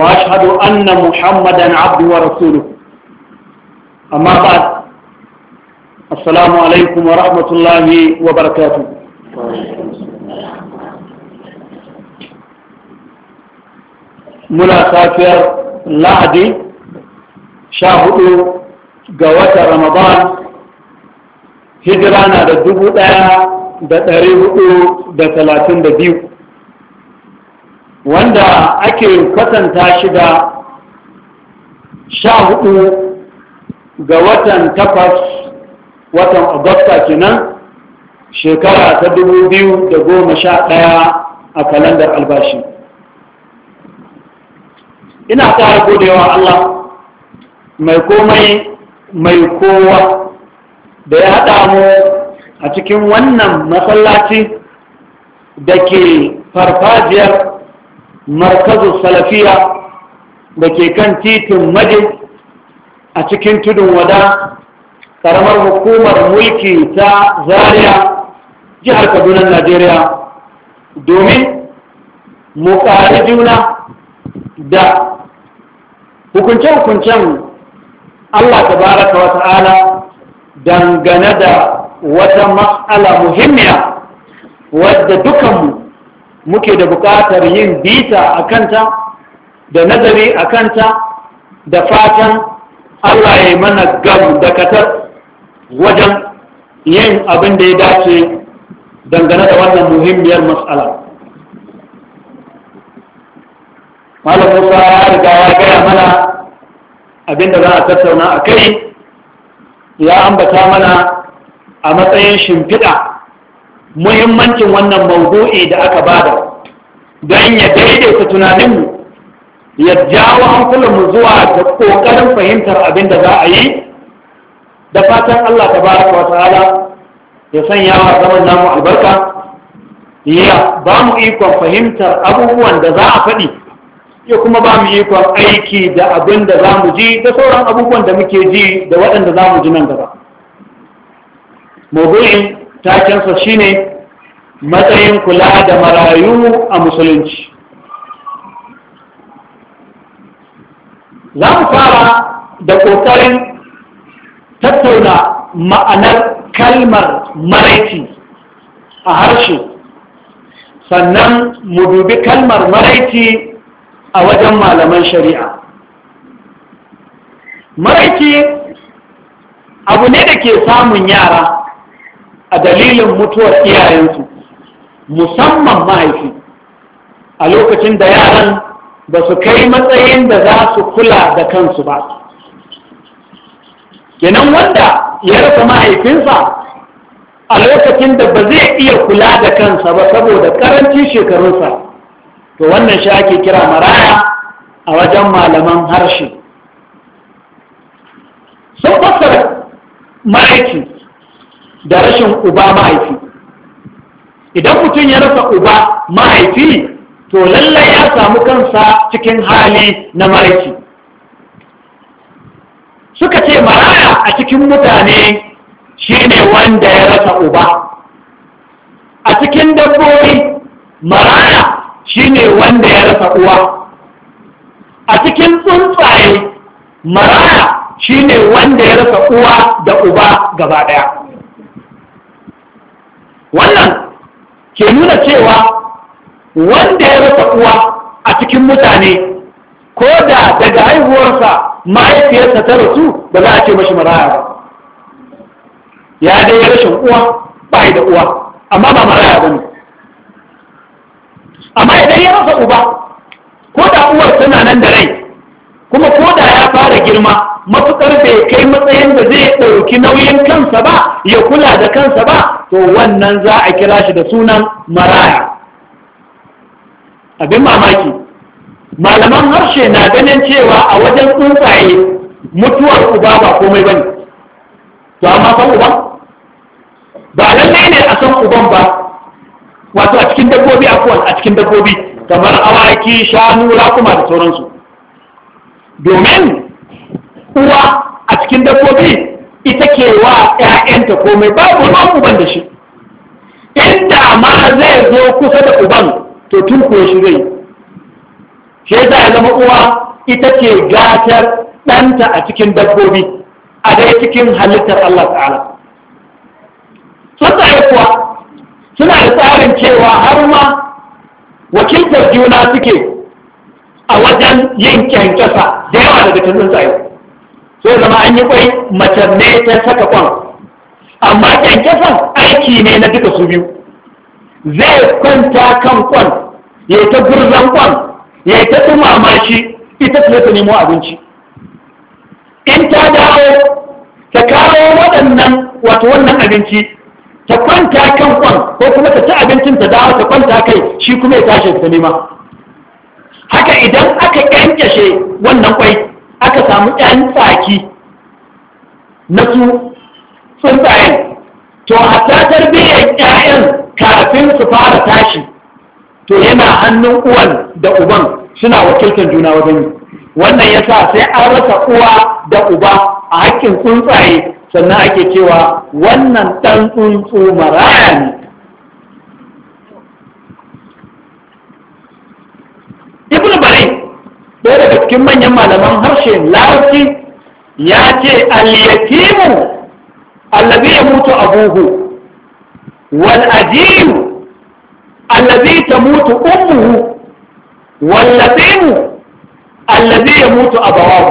وأشهد أن محمدا عبد ورسوله أما بعد السلام عليكم ورحمة الله وبركاته ملا سافر لعدي شاهدوا قوات رمضان هجرانا دا دبو دا دا دا ثلاثين دا ديو wanda ake kwatanta shi da sha hudu ga watan takwas watan agusta kenan shekara ta dubu biyu da goma sha ɗaya a kalandar albashi ina ƙara godewa Allah mai komai mai kowa da ya haɗa mu a cikin wannan masallaci da ke farfajiyar markazu salafiya da ke kan titin maje a cikin tudun wada karamar hukumar mulki ta Zariya, jihar kaduna najeriya domin mu ƙari juna da hukunce-hukuncen allah ta baraka wa ta'ala dangane da wata matsala muhimmiya wadda dukanmu muke da buƙatar yin bita a kanta da nazari a kanta da fatan Allah ya yi mana gam da katar wajen yin abin da ya dace dangane da wannan muhimmiyar matsala. Malam Musa ya riga ya gaya mana abin da za a tattauna a kai ya ambata mana a matsayin shimfiɗa muhimmancin wannan mawdu'i da aka bada don ya daidaita tunaninmu ya jawo mu zuwa ga ƙoƙarin fahimtar abin da za a yi da fatan Allah ta baraka wa ta'ala ya sanya wa zaman namu albarka ya ba mu ikon fahimtar abubuwan da za a faɗi ya kuma ba mu ikon aiki da abin da za mu ji da sauran abubuwan da muke ji da waɗanda za mu ji nan gaba. Mabuyin takensa shine matsayin kula da marayu a musulunci za mu fara da ƙoƙarin tattauna ma'anar kalmar maraiki a harshe sannan mu dubi kalmar maraiki a wajen malaman shari'a maraiki abu ne da ke samun yara a dalilin mutuwar iyayensu musamman mahaifi a lokacin da yaran ba su kai matsayin da za su kula da kansu ba kenan wanda ya rasa mahaifinsa a lokacin da ba zai iya kula da kansa ba saboda ƙaranci shekarunsa to wannan shi ake kira maraya a wajen malaman harshe sun fassara ma'aiki da rashin uba mahaifi idan mutum ya rasa uba mahaifi to lallai ya samu kansa cikin hali na mahaifi. suka ce maraya a cikin mutane shine wanda ya rasa uba a cikin dabbobi maraya shine wanda ya rasa uwa a cikin tsuntsaye maraya shine wanda ya rasa uwa da uba gaba ɗaya wannan ke nuna cewa wanda ya rasa uwa a cikin mutane ko da daga haihuwarsa mahaifiyarsa ta rasu ba za a ce mashi maraya ba ya dai rashin uwa ba da uwa amma ba maraya ba ne amma idan ya rasa uba ko da uwar tana nan da rai kuma ko da ya fara girma matukar bai kai matsayin da zai ɗauki nauyin kansa ba ya kula da kansa ba to wannan za a kira shi da sunan maraya abin mamaki malaman harshe na ganin cewa a wajen tsuntsaye mutuwar uba ba komai ba ne, to amma san uba ba lallai ne a san uban ba wato a cikin dabbobi akwai a cikin dabbobi kamar awaki shanu rakuma da sauransu domin uwa a cikin dabbobi ita ke wa ‘ya'yanta komai babu ruwan uban da shi inda ma zai zo kusa da uban to tun kuwa shi zai shi ya zama uwa ita ke gatar ɗanta a cikin dabbobi a dai cikin halittar Allah ta'ala tsuntsaye kuwa suna da tsarin cewa har ma wakiltar juna suke a wajen yin kyankyasa da yawa daga tsaye. sai zama an yi kwai mace ne ta saka kwan amma kyankyasan aiki ne na duka su biyu zai kwanta kan kwan ya ta gurzan kwan ya ta tumama shi ita ta nemo abinci in ta dawo ta kawo waɗannan wato wannan abinci ta kwanta kan kwan ko kuma ta ci abincin ta dawo ta kwanta kai shi kuma ya tashi ta nema haka idan aka kyankyashe wannan kwai aka samu ɗan tsaki na su tsuntsayen to a tatar biyan kafin su fara tashi to yana hannun uwan da uban suna wakiltar juna wajen yi wannan ya sa sai an rasa uwa da uba a hakkin tsuntsaye sannan ake cewa wannan ɗan tsuntsu maraya ne ibn barai daga cikin manyan malaman harshen larabci ya ce al-yatimu allazi mutu abuhu wal ajiyu allazi mutu ummuhu wal latimu allazi mutu abawahu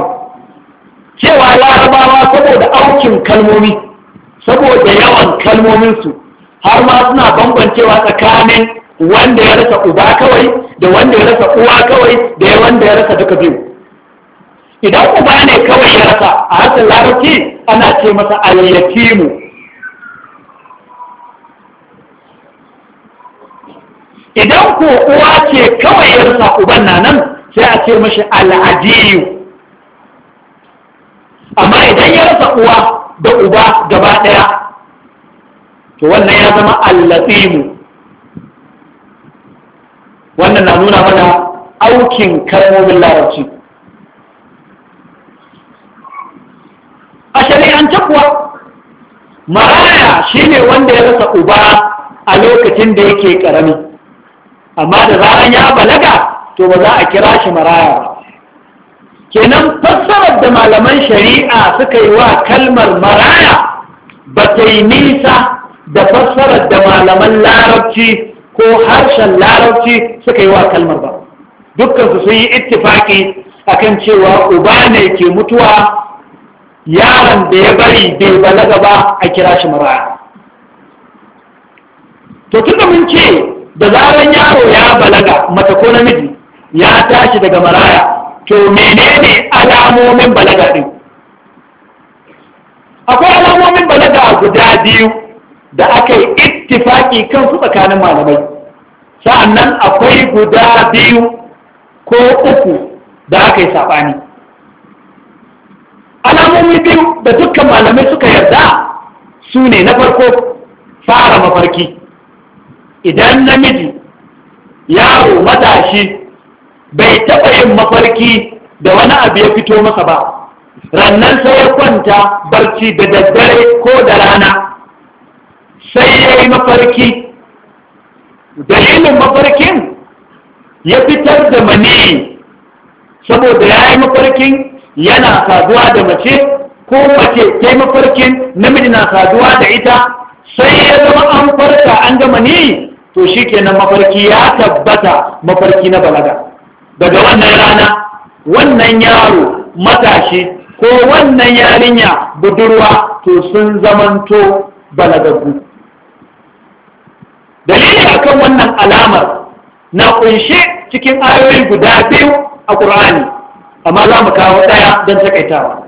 cewa larabawa saboda aukin kalmomi saboda yawan kalmominsu har ma suna bambancewa tsakanin wanda ya rasa uba kawai da wanda ya rasa uwa kawai da ya wanda ya rasa duka biyu idan uba ne kawai ya rasa a harshen larabci ana ce masa alyatimu idan ku uwa ce kawai ya rasa uban na nan sai a ce mashi al'adiyu amma idan ya rasa uwa da uba gaba ɗaya to wannan ya zama allatimu wannan na nuna mana aukin kalmomin larabci a cakwa kuwa maraya shine wanda ya rasa uba a lokacin da yake karami amma da zaran ya balaga to ba za a kira shi maraya ba kenan fassarar da malaman shari'a suka yi wa kalmar maraya ba ta yi nisa da fassarar da malaman larabci ko harshen larabci suka yi wa kalmar ba dukkan sun yi ittifaki akan cewa uba ne ke mutuwa yaron da ya bari bai balaga ba a kira shi mara to tunda mun ce da zaran yaro ya balaga mata ko namiji ya tashi daga maraya to menene alamomin balaga din akwai alamomin balaga guda biyu da aka yi ittifaki kansu tsakanin malamai sa'annan akwai guda biyu ko uku da aka yi saɓani alamomi biyu da dukkan malamai suka yarda su ne na farko fara mafarki idan namiji yaro matashi bai taɓa yin mafarki da wani abu ya fito masa ba rannan sai ya kwanta barci da daddare ko da rana sai ya yi mafarki dalilin mafarkin ya fitar da mani saboda ya yi mafarkin yana saduwa da mace ko mace ta yi mafarkin namiji na saduwa da ita sai ya zama an farka an gama ni to shi kenan mafarki ya tabbata mafarki na balaga daga wannan rana wannan yaro matashi ko wannan yarinya budurwa to sun zamanto balagaggu dalili akan wannan alamar na kunshe cikin ayoyi guda biyu a ƙur'ani. amma za mu kawo ɗaya don takaitawa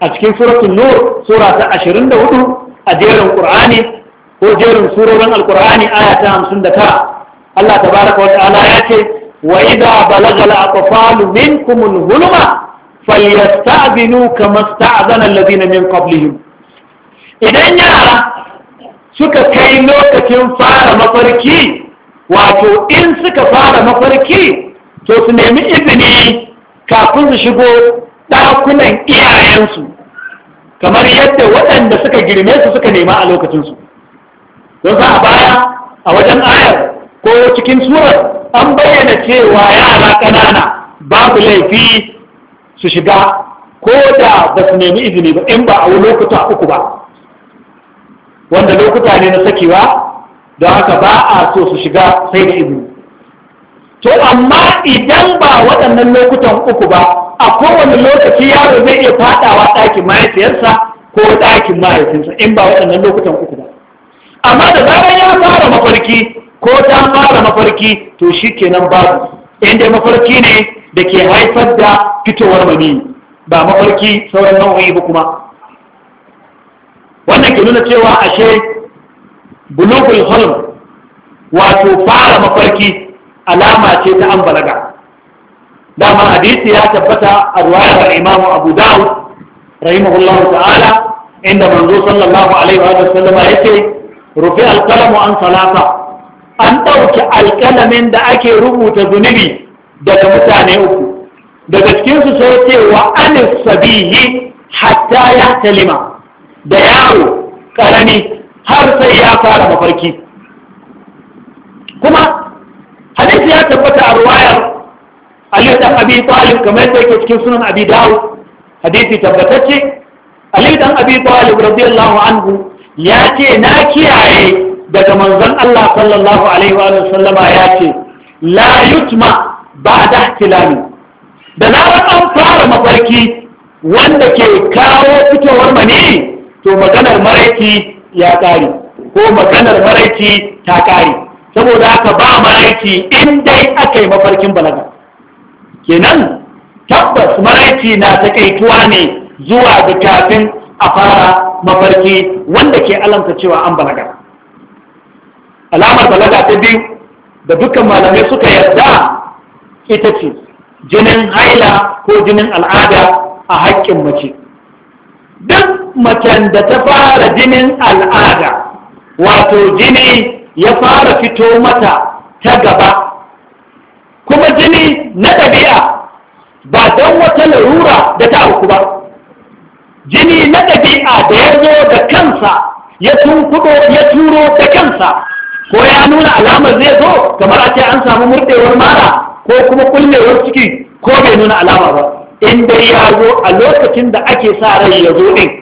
a cikin suratun nur sura ta hudu a jerin ƙur'ani ko jerin surorin Alƙur'ani aya ta 59 Allah Ta baraka wa ta'ala ya ce wa idza balagha al-aqfalu minkum al-hulma kama sta'dana alladhina min qablihim idan yara suka kai lokacin fara mafarki wato in suka fara mafarki to su nemi izini kafin su shigo ɗakunan iyayensu kamar yadda waɗanda suka girme su suka nema a lokacinsu don za a baya a wajen ayar ko cikin surar an bayyana cewa yara ƙanana babu laifi su shiga ko da ba su nemi izini ba in ba a lokuta uku ba wanda lokuta ne na sakewa da haka ba a so su shiga sai da izini to amma idan ba waɗannan lokutan uku ba a kowane lokaci yaro zai iya faɗawa ɗakin mahaifiyarsa ko ɗakin mahaifinsa in ba waɗannan lokutan uku ba amma da zarar ya fara mafarki ko ta fara mafarki to shi kenan babu in dai mafarki ne da ke haifar da fitowar mani ba mafarki sauran nau'i ba kuma wannan ke nuna cewa ashe bulugul hulm wato fara mafarki alama ce ta an balaga dama hadisi ya tabbata a ruwayar imamu abu dawud rahimahullahu ta'ala inda manzo sallallahu alaihi wa sallam yace rufi alqalamu an salasa an dauki alqalamin da ake rubuta zunubi daga mutane uku daga cikin su sai ce wa anis sabihi hatta ya talima da yaro karami har sai ya fara mafarki kuma hadisi ya tabbata a ruwayar Aliyu dan Abi Talib kamar yadda yake cikin sunan Abi Dawud hadisi tabbatacce Aliyu dan Abi Talib radiyallahu anhu ya ce na kiyaye daga manzon Allah sallallahu alaihi wa sallama ya ce la yutma ba'da ihtilami da na an fara mafarki wanda ke kawo fitowar mani to maganar maraici ya kare ko maganar maraici ta kare saboda haka ba maraici in dai aka yi mafarkin balaga kenan tabbas maraici na takaituwa ne zuwa ga kafin a fara mafarki wanda ke alamta cewa an balaga alamar balaga ta biyu da dukkan malamai suka yarda ita ce jinin haila ko jinin al'ada a haƙƙin mace duk macen da ta fara jinin al'ada wato jini ya fara fito mata ta gaba kuma jini na ɗabi'a ba don wata larura da ta auku ba jini na ɗabi'a da ya zo da kansa ya tunkuɗo ya turo da kansa ko ya nuna alamar zai zo kamar a ce an samu murɗewar mara ko kuma kullewar ciki ko bai nuna alama ba in dai ya zo a lokacin da ake sa rai ya zo ɗin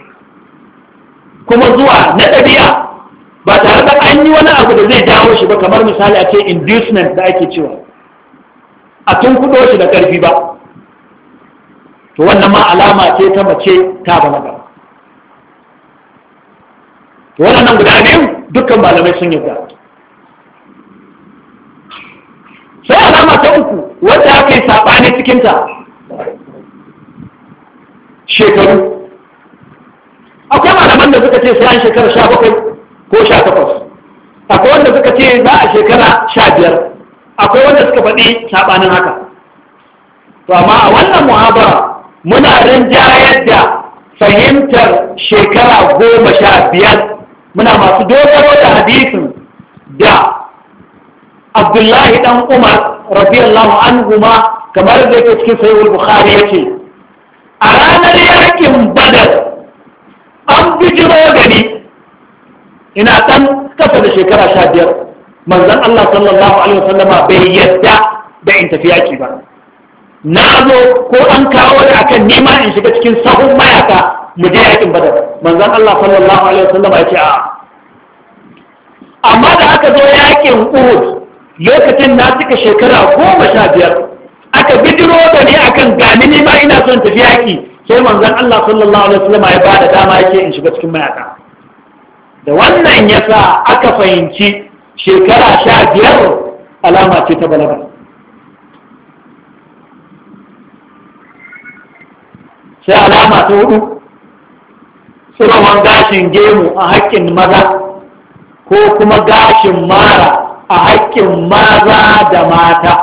kuma zuwa na ɗabi'a ba tare da an yi wani abu da zai jawo shi ba kamar misali a ce inducement da ake cewa a tun kudo shi da ƙarfi ba to wannan ma alama ce ta mace ta ba to wannan guda biyu dukkan malamai sun yi sai alama ta uku wacce aka yi saɓani cikinta shekaru akwai malaman da suka ce sai an shekara sha bakwai ko sha takwas akwai wanda suka ce za a shekara sha biyar akwai wanda suka faɗi saɓanin haka to amma a wannan muhabara muna rinjayar da fahimtar shekara goma sha biyar muna masu dogaro da hadisin da abdullahi dan umar radiyallahu anhu ma kamar da yake cikin sayyid bukhari yake a ranar yakin badar an bijiro gani ina ɗan kafa da shekara sha biyar manzan Allah sallallahu alaihi wasallama bai yadda da in tafi yaki ba na zo ko an kawo da akan nema in shiga cikin sahun mayaka mu je yakin badar manzan Allah sallallahu alaihi wasallama ya ce a amma da aka zo yakin Uhud lokacin na cika shekara goma sha biyar aka bijiro da ni akan gani ni ma ina son tafi yaki sai manzon Allah sallallahu alaihi wasallam ya bada dama yake in shiga cikin mayaka da wannan yasa aka fahimci shekara sha biyar alama ce ta balaga sai alama ta hudu tsirowar gashin gemu a haƙƙin maza ko kuma gashin mara a haƙƙin maza da mata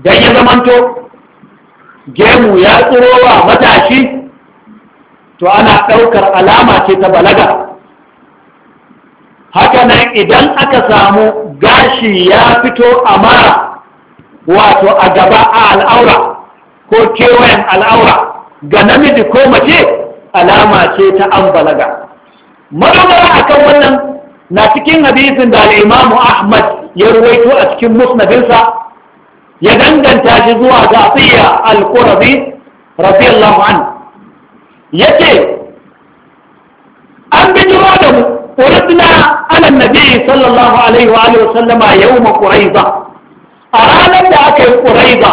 idan ya zamanto gemu ya tsoro wa matashi to ana ɗaukar alama ce ta balaga Haka nan idan aka samu gashi ya fito a mara wato a gaba a al'aura ko kewayen al'aura ga namiji ko mace alama ce ta an balaga madogara kan wannan na cikin hadisin da al'imamu ahmad ya ruwaito a cikin musnadinsa ya danganta shi zuwa ga atiya al-qurabi radiyallahu anhu yace an bijiro da mu uridna ala annabi sallallahu alaihi wa wasallama a ranar da aka yi ƙuraiza,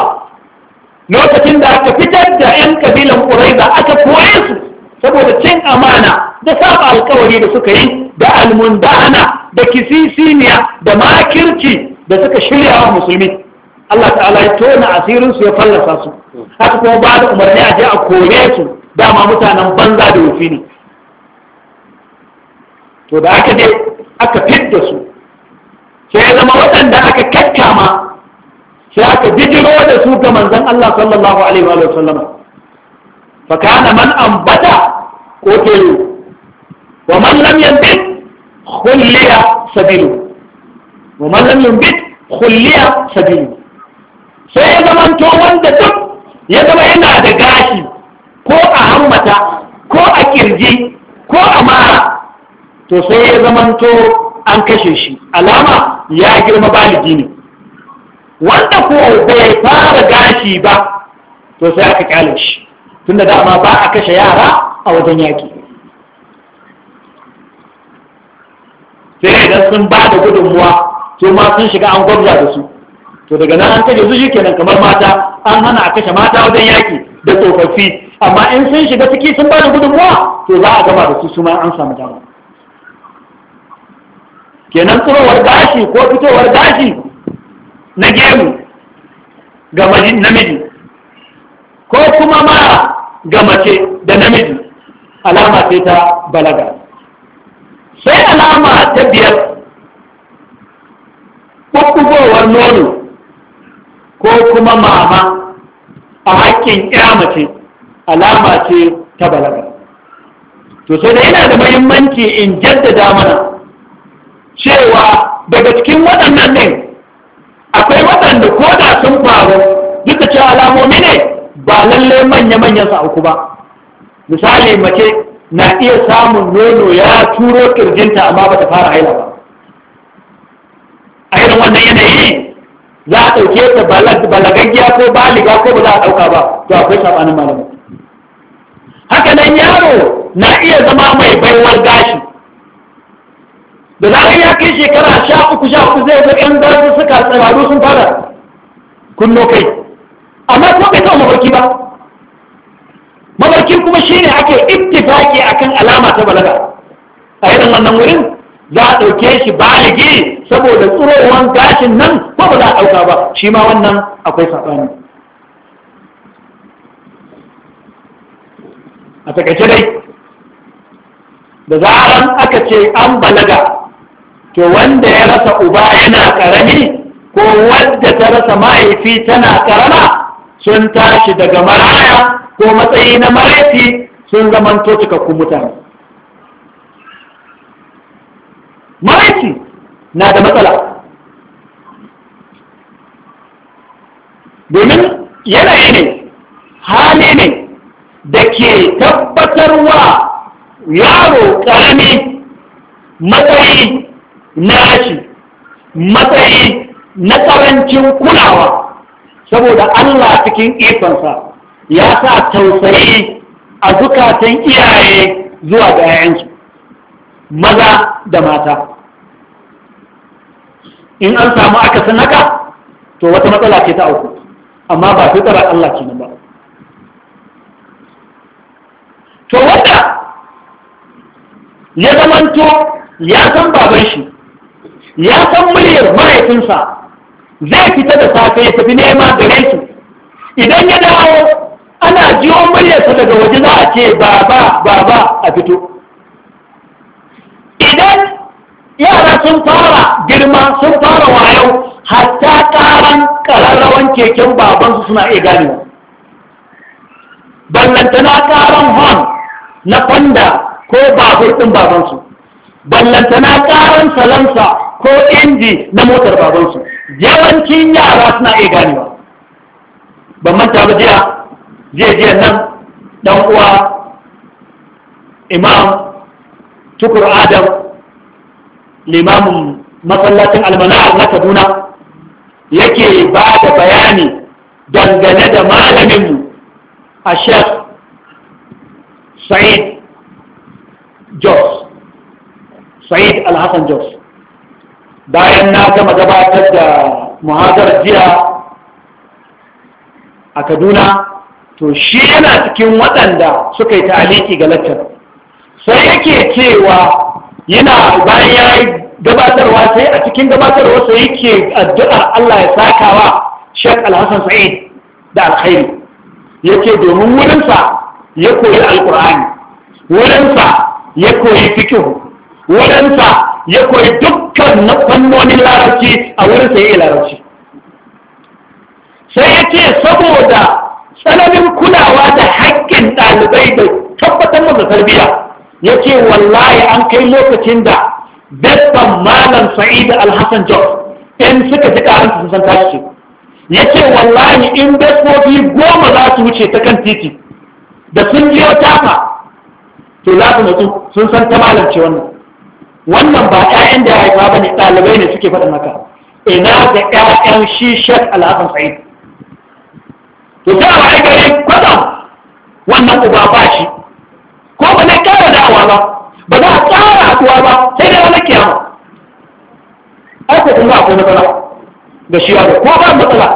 lokacin da aka fitar da yan kabilan ƙuraiza aka koye su saboda cin amana da saba alkawari da suka yi da almundana da kisisiniya da makirci da suka shirya wa musulmi Allah ta'ala ya tona asirin su ya fallasa su haka kuma ba da umarni a je a kore su dama mutanen banza da wufi ne to da aka je aka fidda su sai ya zama waɗanda aka kakkama sai aka bijiro da su ga manzon Allah sallallahu alaihi wa sallama fa kana man ambata qutilu wa man lam yanbit khulliya sabilu wa man lam yanbit khulliya sabilu sai ya zama to wanda duk ya zama yana da gashi ko a hammata ko a kirji ko a mara to sai ya zama to an kashe shi alama ya girma baligi ne wanda ko bai fara gashi ba to sai aka kyale shi tunda dama ba a kashe yara a wajen yaki sai idan sun ba da gudunmuwa to ma sun shiga an gwabza da su to daga nan an kashe zuci kenan kamar mata an hana a kashe mata wajen yaki da tsofaffi amma in sun shiga ciki sun ba da gudunmuwa to za a gaba da su su ma an samu dama kenan tsirowar gashi ko fitowar gashi na gemu ga namiji ko kuma mara ga mace da namiji alama ce ta balaga sai alama ta biyar ɓuɓɓugowar nono ko kuma mama a haƙƙin mace alama ce ta balaga to sai da yana da mahimmanci in jaddada mana cewa daga cikin waɗannan ne akwai waɗanda ko da sun faru duka ce alamomi ne ba lallai manya-manyan auku ba misali mace na iya samun nono ya turo ƙirjinta amma ba ta fara haila ba a irin wannan yanayi za a ɗauke ta balagaggiya ko baliga ko ba za a ɗauka ba to akwai nan malamai haka nan yaro na iya zama mai baiwar gashi da za ya kai shekara sha uku sha uku zai zai yan gashi suka tsararru sun fara kunno kai amma kuma bai kawo mafarki ba mafarkin kuma shine ake ittifaki akan alama ta balaga a irin wannan wurin za a ɗauke shi baligi saboda tsurowar gashin nan ko ba za a ɗauka ba shi ma wannan akwai saɓani a takaice dai da zaran aka ce an balaga to wanda ya rasa uba yana ƙarami, ko wadda ta rasa mahaifi tana karama sun tashi daga maraya ko matsayi na mahaifi sun zamanto cikakkun mutane mahaifi na da matsala domin yanayi ne hali ne da ke tabbatarwa yaro ƙarami matsayi na rashi matsayi na ƙarancin kulawa saboda Allah cikin ikonsa ya sa tausayi a zukatan iyaye zuwa ga 'ya'yansu maza da mata in an samu aka haka to wata matsala ke ta auku amma ba tsara Allah ke ba to wanda ya zamanto ya san baban shi ya san muryar mahaifinsa zai fita da safe ya tafi nema gare su idan ya dawo ana jiwo muryarsa daga waje za a ce baba baba a fito idan yara sun fara girma sun fara wayo hatta ƙaran. ƙararrawan keken babansu suna iya ganewa ballantana karan hon na fanda ko babur ɗin babansu ballantana karan salansa ko inji na motar babansu yawancin yara suna iya ganewa ban manta ba jiya jiya nan ɗan uwa imam tukur adam limamin masallacin almanar na kaduna yake ba da bayani dangane da malaminmu a shek sa'id jos sa'id alhassan jos bayan na gama gabatar da muhazar jiya a kaduna to shi yana cikin waɗanda suka yi ta'aliki ga laccar sai yake cewa yana bayan ya gabatarwa sai a cikin gabatarwa sai yake addu'a Allah ya sakawa Sheikh Al-Hassan Sa'id da alkhairi yake domin wurinsa ya koyi alkur'ani wurinsa ya koyi fikihu wurinsa ya koyi dukkan na fannonin larabci a wurinsa ya yi larabci sai ya ce saboda tsananin kulawa da haƙƙin ɗalibai da tabbatar da tarbiyya ya ce wallahi an kai lokacin da babban malam sa'id al-hasan job in suka ji karan su san tashi ya ce wallahi in dabbobi goma za su wuce ta kan titi da sun biyo tafa to za su mutu sun san ta malam ce wannan wannan ba 'ya'yan da ya haifa ba ne ɗalibai ne suke faɗin haka ina ga 'ya'yan shi shek al sa'id to sai a yi kwatsam wannan uba ba shi ko ba na kara awa ba ba za a tsara haɗuwa ba sai dai wani kiyama ai ko kuma akwai matsala da shi yaro ko ba matsala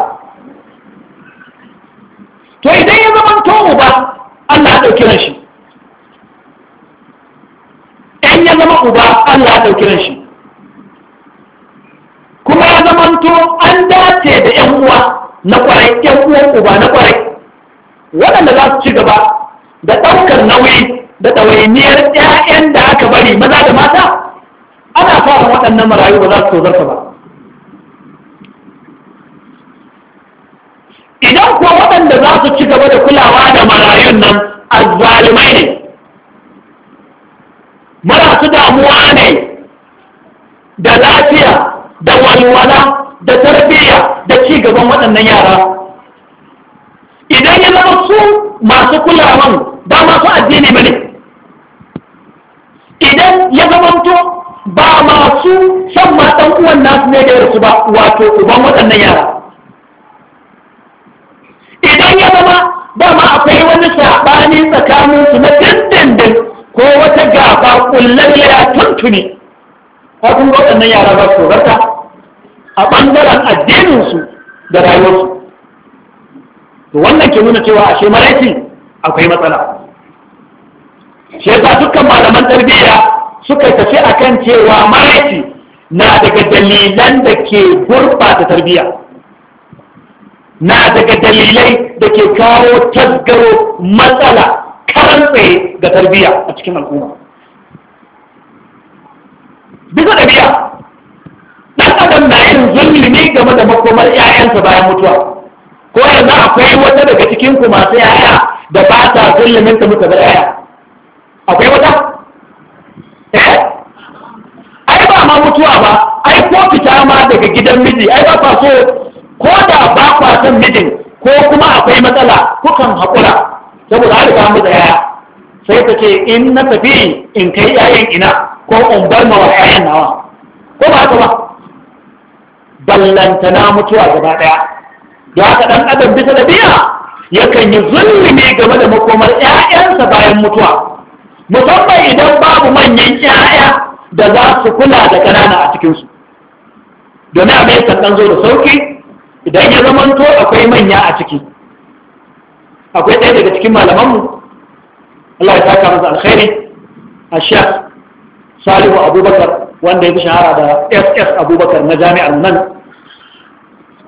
to idan ya zama tomu ba Allah ya ɗauki ran shi ɗan ya zama uba Allah ɗauki ran shi kuma ya zamanto an dace da 'yan uwa na kwarai 'yan uwan uba na kwarai waɗanda za su ci gaba da ɗaukar nauyi da ɗawainiyar 'ya'yan da aka bari maza da mata ana fara waɗannan marayu ba za su tozarta ba idan kuwa waɗanda za su ci gaba da kulawa da marayun nan azzalimai ne marasu damuwa ne da lafiya da walwala da tarbiyya da ci gaban waɗannan yara idan ya zama su masu kulawan ba masu addini ba ne idan ya zamanto ba masu shan matan uwan nasu ne da yarsu ba wato uban waɗannan yara idan ya zama ba ma akwai wani saɓani tsakanin su na dindindin ko wata gaba ƙullar ya tuntuni kafin waɗannan yara ba su rata a ɓangaren addininsu da rayuwarsu wannan ke nuna cewa ashe maraici akwai matsala shi yasa dukkan malaman tarbiyya suka tafi a kan cewa mahaifi na daga dalilan da ke gurbata tarbiyya na daga dalilai da ke kawo tasgaro matsala karan tsaye ga tarbiyya a cikin al'umma bisa ɗabi'a ɗan adam na yin zulmi game da makomar 'ya'yansa bayan mutuwa ko yanzu akwai wata daga cikin ku masu 'ya'ya da ba ta zulmin ta mutu da 'ya'ya akwai wata eh ai ba ma mutuwa ba ai ko fita ma daga gidan miji ai ba so ko da ba kwasan mijin ko kuma akwai matsala kukan haƙura saboda an riga mu tsaya sai ta ce in na tafi in kai yayan ina ko in bar ma yayan nawa ko ba haka ba ballantana mutuwa gaba daya Da haka dan adam bisa da biya yakan yi zulmi game da makomar 'ya'yansa bayan mutuwa musamman idan babu manyan ƴaƴa da za su kula da ƙanana a cikinsu domin a mai sannan zo da sauki idan ya zamanto akwai manya a ciki akwai ɗaya daga cikin malamanmu Allah ya saka masa alkhairi a shek salihu abubakar wanda ya fi shahara da ss abubakar na jami'ar nan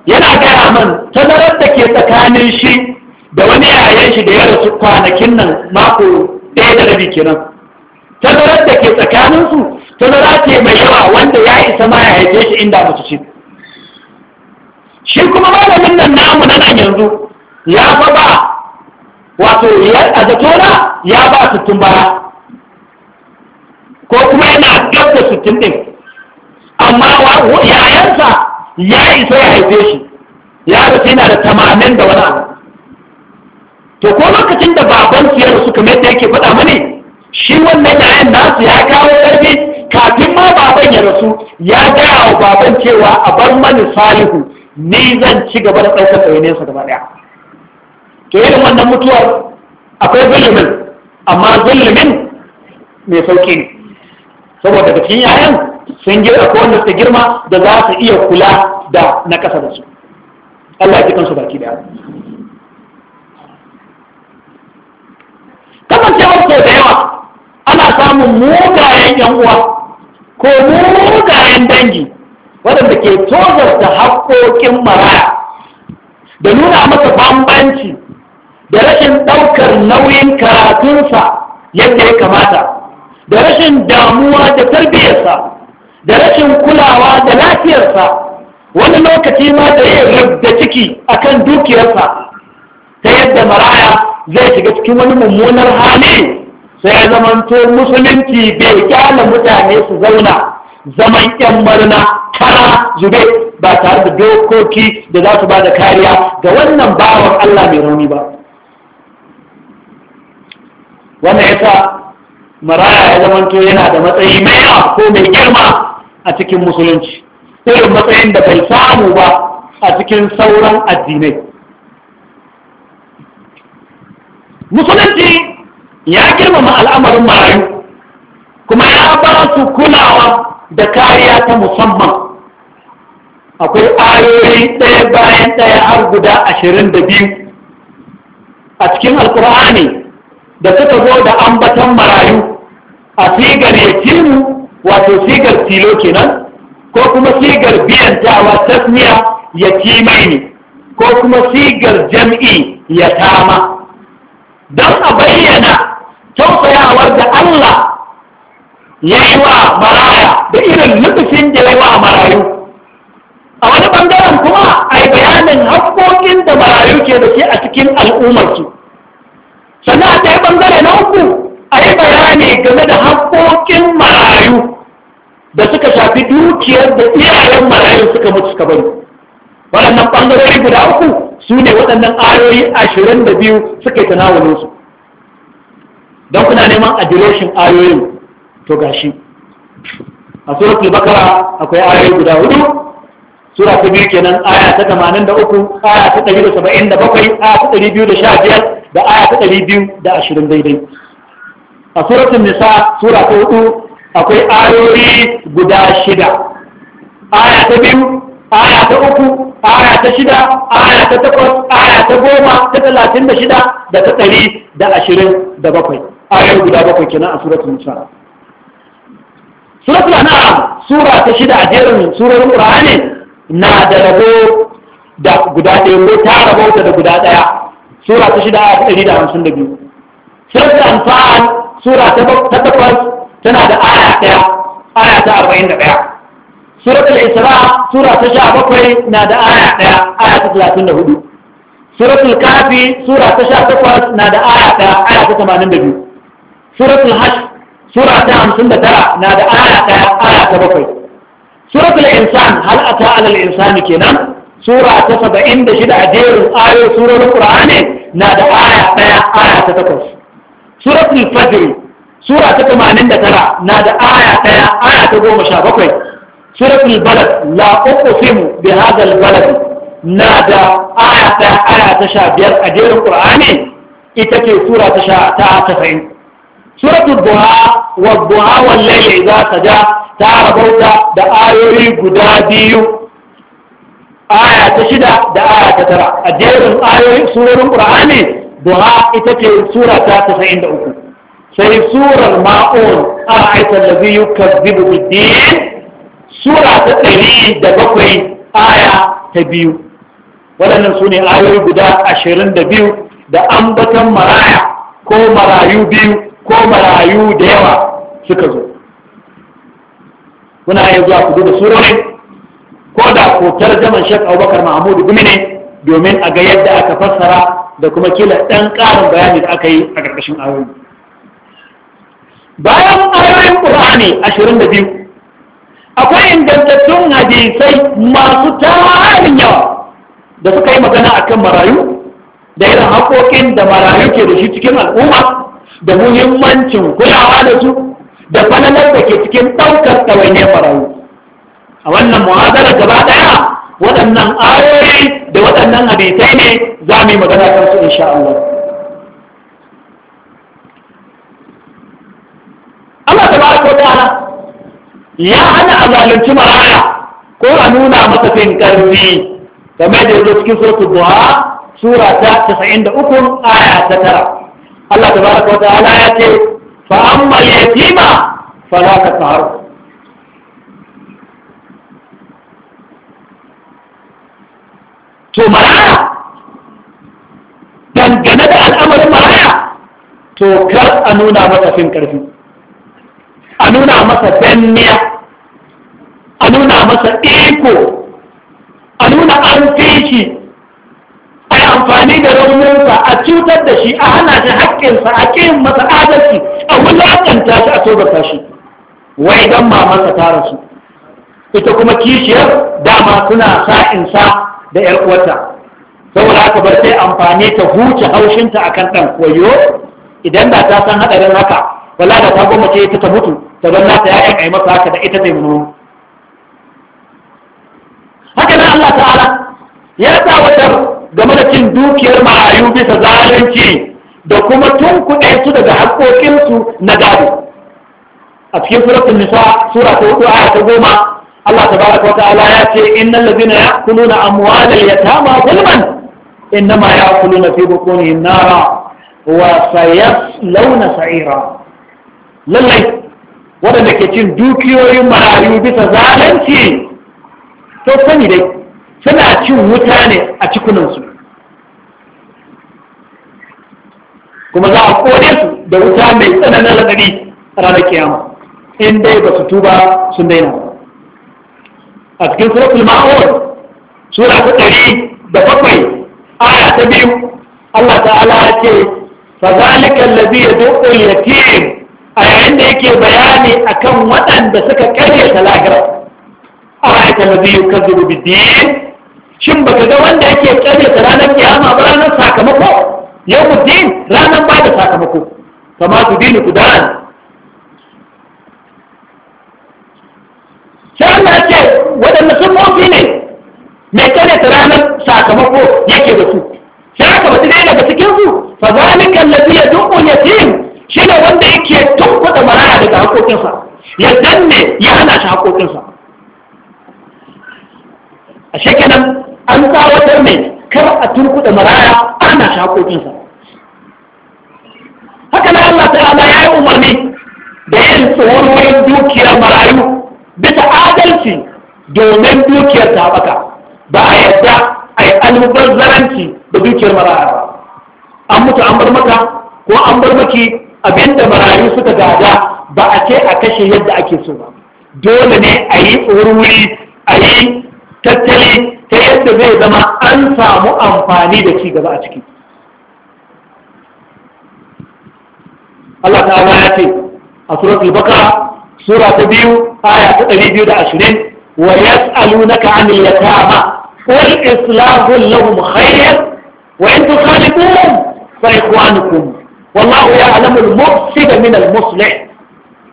yana gaya man tazarar da ke tsakanin shi da wani yayan shi da ya rasu kwanakin nan mako ɗaya da rabi kenan tazarar da ke tsakaninsu tazara ce mai yawa wanda ya isa ma ya haife shi inda mutu ce shi kuma malamin nan namu na nan yanzu ya fa ba wato a zatona ya ba sittin baya ko kuma yana gab da sittin ɗin amma yayansa ya isa ya haife shi ya rasu yana da tamanin da wani abu to ko lokacin da baban su ya rasu kamar yadda yake faɗa mani shi wannan yayan nasu ya kawo ƙarfi kafin ma baban ya rasu ya gaya wa baban cewa a bar mani salihu ni zan ci gaba da ɗaukar ɗawainiyarsa gaba ɗaya to irin wannan mutuwar akwai zulumin amma zulumin mai sauƙi ne saboda daga cikin yayan sun girma ko wanda su girma da za su iya kula da na ƙasa da su Allah ya ji kansu baki daya kasancewar sau da yawa ana samun mugayen yan uwa ko mugayen dangi waɗanda ke tozarta haƙoƙin maraya da nuna masa bambanci da rashin ɗaukar nauyin karatunsa yadda ya kamata da rashin damuwa da tarbiyyarsa da rashin kulawa da lafiyarsa wani lokaci ma da yin rabda ciki akan dukiyarsa ta yadda maraya zai shiga cikin wani mummunar hali sai ya zamanto musulunci bai kyala mutane su zauna zaman yan marna kara zube ba tare da dokoki da za su ba da kariya ga wannan bawan Allah mai rauni ba wannan yasa maraya ya zamanto yana da matsayi mai ko mai girma a cikin musulunci irin matsayin da bai samu ba a cikin sauran addinai musulunci ya girmama al'amarin marayu kuma ya ba su kulawa da kariya ta musamman akwai ayoyi ɗaya bayan ɗaya har guda ashirin da biyu a cikin alkur'ani da suka zo da ambatan marayu a sigar yatimu wato sigar tilo kenan ko kuma sigar biyantawa tasmiya yatimai ne ko kuma sigar jam'i ya tama don a bayyana tausayawar da Allah ya yi wa maraya da irin lukacin da ya yi wa marayu a wani bangaren kuma a yi bayanin haƙoƙin da marayu ke da shi a cikin al'ummarsu sannan a ɗaya bangare na uku a yi bayani game da haƙoƙin marayu da suka shafi dukiyar da iyayen marayu suka mutu suka bari waɗannan ɓangarori guda uku su ne waɗannan ayoyi ashirin da biyu suka yi su don kuna neman jiroshin ayoyin to gashi a suratul bakara akwai ayoyi guda hudu sura ta biyu kenan aya ta tamanin da uku aya ta ɗari da saba'in da bakwai aya ta ɗari biyu da sha biyar da aya ta ɗari biyu da ashirin daidai a suratul nisa sura ta hudu akwai ayoyi guda shida aya ta biyu aya ta uku aya ta shida aya ta takwas aya ta goma ta talatin da shida da ta ɗari da ashirin da bakwai ayar guda bakwai kenan a suratul nisa suratul an'am sura ta shida a jerin surorin qur'ani na da rabo da guda ɗaya ko ta rabo ta da guda ɗaya sura ta shida ta ɗari da hamsin da biyu suratul anfal sura ta takwas tana da aya ɗaya aya ta arba'in da ɗaya سورة الإسراء سورة تشاء بكري نادى آية آية آية 34 سورة الكافي سورة تشاء بكري نادى آية آية آية 82 سورة الحش سورة تام سندة ترى نادى آية آية آية بكري سورة الإنسان هل أتى على الإنسان كنا سورة تسعة إن دشيد أجير آية سورة القرآن نادى آية آية آية 8 سورة الفجر سورة تمانين ترى نادى آية آية آية 8 suratul balad la uqsimu bi hadha al-balad na da aya ta aya ta sha biyar a jerin ita ce sura ta sha ta tasa'in suratul duha wa duha wal layli idza ta rabauta da ayoyi guda biyu aya ta shida da aya tara a ayoyin ita ce sai surar ma'un ara'aita allazi sura ta ɗari da bakwai aya ta biyu waɗannan su ne ayoyi guda ashirin da biyu da ambatan maraya ko marayu biyu ko marayu da yawa suka zo kuna iya zuwa ku duba surori ko da ko tarjaman shek abubakar mahmudu gumi ne domin a ga yadda aka fassara da kuma kila ɗan ƙarin bayani da aka yi a ƙarƙashin ayoyi bayan ayoyin ƙur'ani ashirin da biyu akwai ingantattun hadisai masu tarin yawa da suka yi magana a kan marayu da irin haƙoƙin da marayu ke da shi cikin al'umma da muhimmancin kulawa da su da fananar da ke cikin ɗaukar ɗawainiyar marayu a wannan muhazara gaba ɗaya waɗannan ayoyi da waɗannan hadisai ne za mu yi magana kan su insha Allah Allah ba wa ta. ya hana a zalunci maraya ko a nuna masa fin karfi game da yanzu cikin suratul buwa sura ta 93 aya ta tara Allah tabaraka wa ta'ala ya ce fa amma yatima fala taqhar to maraya dangane da al'amarin maraya to kar a nuna masa fin karfi a nuna masa danniya a nuna masa iko a nuna an a yi amfani da raunuka a cutar da shi a hana shi haƙƙinsa a ƙin masa adalci a wulaƙanta shi a tozarta shi wai don mamansa ta rasu ita kuma kishiyar dama suna sa'insa da 'yar uwarta saboda haka bar sai amfani ta huce haushinta a kan ɗan koyo idan da ta san haɗarin haka wala da ta goma ta ta mutu ta ban nata ya yi masa haka da ita zai haka na Allah ta'ala ya sa wata game da cin dukiyar ma'ayu bisa zalunci da kuma tun tunkuɗe su daga haƙoƙinsu na gado a cikin suratul nisa sura ta hudu aya ta goma Allah tabaraka wa ta'ala ya ce innal ladina ya'kuluna amwalal yatama zulman innama ya'kuluna fi butunihim nara wa sayaslawna sa'ira lallai waɗanda ke cin dukiyoyin marayu bisa zalunci to sani dai suna cin wuta ne a cikunansu kuma za a kone su da wuta mai tsananin ladari a ranar kiyama in dai ba su tuba sun daina a cikin suratul ma'awar sura ta ɗari da bakwai aya ta biyu Allah ta'ala ce fa zalika allazi yad'u al-yatim a yayin da yake bayani akan waɗanda suka karyata lahira a ra'aita na biyu kan zuru bidiyin shin baka ga wanda yake karyata ranar kiyama ba ranar sakamako yau ku din ranar ba da sakamako kama su dini ku da'an sai Allah ce waɗanda sun mofi ne mai ta ranar sakamako yake da su sai aka basu daina daga cikin su fa zalika allazi yad'u yatim ne wanda yake tunkuɗa maraya daga haƙoƙinsa ya danne ya hana shi haƙoƙinsa a shekinan an tsawatar mai kar a tunkuɗa maraya ana shi haƙoƙinsa haka na Allah ta'ala ya yi umarni da yin tsoron dukiyar marayu bisa adalci domin dukiyar ta haɓaka ba a yadda a yi zaranci da dukiyar marayu. ba an mutu an bar maka ko an bar maki abinda marayu suka gada ba a ce a kashe yadda ake so ba dole ne a yi wuri a yi tattali ta yadda zai zama an samu amfani da ci gaba a ciki Allah ta'ala ya ce a suratul baqara sura ta biyu aya ta ɗari biyu da ashirin wa yas'alunaka 'anil yatama qul islahu lahum khayr wa in tukhalifuhum fa ikhwanukum wallahu ya'lamu al-mufsid min al-muslih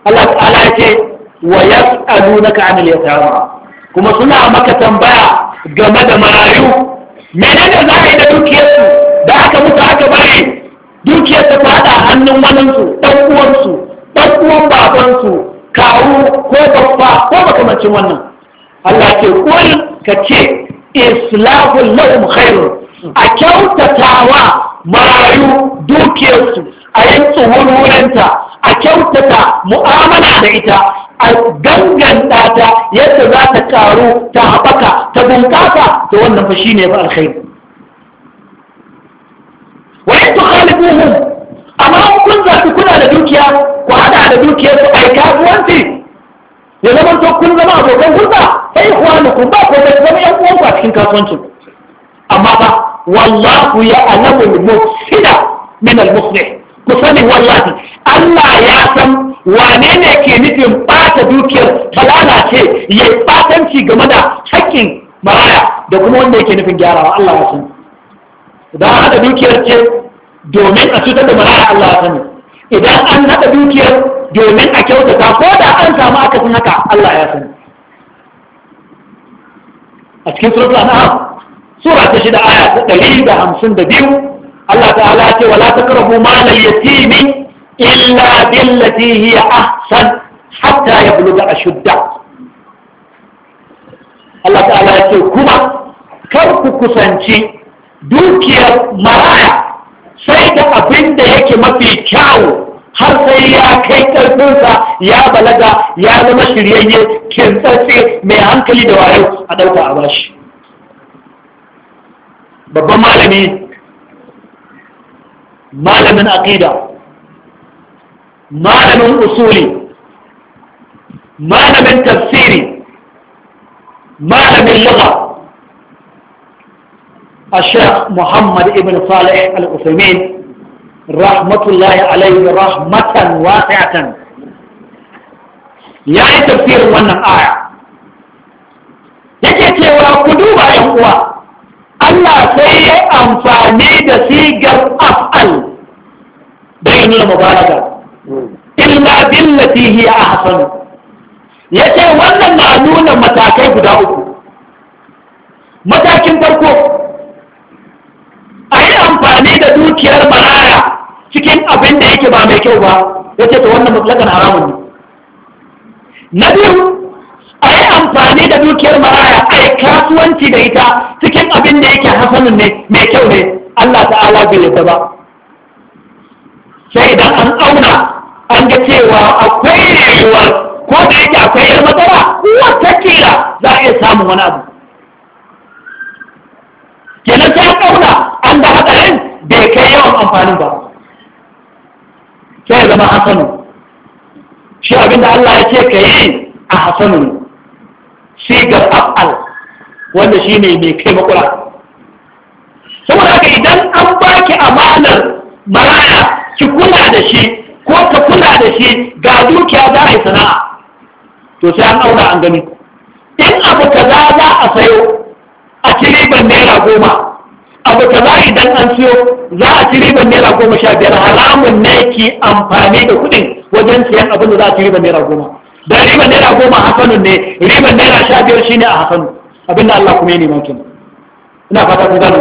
Allah ta'ala yake wa yas'alunaka 'anil yatama kuma suna maka tambaya game da marayu menene za a yi da dukiyarsu da aka mutu aka bari dukiyar ta fada hannun waninsu ɗan uwansu ɗan uwan babansu kawu ko babba ko makamancin wannan Allah ke kul ka ce islahul lahum khairun a kyautatawa marayu dukiyarsu a yi tsohonwurinta a kyautata mu'amala da ita a ganganta ta yadda za ta karu ta haɓaka ta bunƙasa da wannan fa shine ba alkhairi wa in tukhalifuhum amma kun zafi kuna da dukiya ku haɗa da dukiyarsu a yi kasuwanci ya zama to kun zama abokan hulɗa sai ihwanukum ba ko da zama ƴan uwanku a cikin kasuwancin amma ba wallahu ya alamul mufsida min al muslih ku sani wallahi Allah ya san wane ne ke nufin bata dukiyar balala ce ya batanci game da hakkin maraya da kuma wanda yake nufin gyarawa Allah ya san idan an dukiyar ce domin a cutar da maraya Allah ya sani idan an haɗa dukiyar domin a kyautata ko da an samu akasin haka Allah ya sani a cikin suratul an'am سورة تشد آيات قليلة همسن دديو الله تعالى ولا تقربوا مال اليتيم إلا بالتي هي أحسن حتى يبلغ أشده الله تعالى كما كرك كسنشي دوكي مرايا سيد أبن ديك ما في كاو هل سيئا كي تلقوك يا بلغا يا لما شريعي كنتا سيئ مي أنك لدوائيو أدوك أباشي babban malami malamin aqida malamin usuli malamin tafsiri malamin lugha الشيخ محمد ابن صالح الأثيمين رحمة الله عليه رحمة واسعة يعني تفسير wannan aya yake cewa ku duba yan uwa Allah sai ya amfani da sigar af'al yin nuna mubalaga illa billati hiya ahsan yace wannan na nuna matakai guda uku matakin farko a yi amfani da dukiyar maraya cikin abin da yake ba mai kyau ba yace to wannan mutlakan haramun ne na biyu a yi amfani da dukiyar maraya a yi kasuwanci da ita cikin abin da yake hasanin ne mai kyau ne Allah ta'ala bai yadda ba sai idan an auna an ga cewa akwai rayuwar ko da yake akwai yar matsala wata kila za a iya samun wani abu kenan sai an auna an da hadarin bai kai yawan amfanin ba sai zama hasanu shi abinda Allah ya ce ka yi a hasanu ne sigar af'al wanda shi ne mai kai makura saboda haka idan an baki amanar maraya ki kula da shi ko ka kula da shi ga dukiya za a yi sana'a to sai an aura an gani in abu ka za a sayo a ci riban naira goma abu za idan an siyo za a ci riban naira goma sha biyar haramun ne ki amfani da kuɗin wajen siyan abin da za a ci riban naira goma da riban naira goma hasanun ne riban naira sha biyar shine a hasanu abin da Allah kuma ya neman ina fata ku gano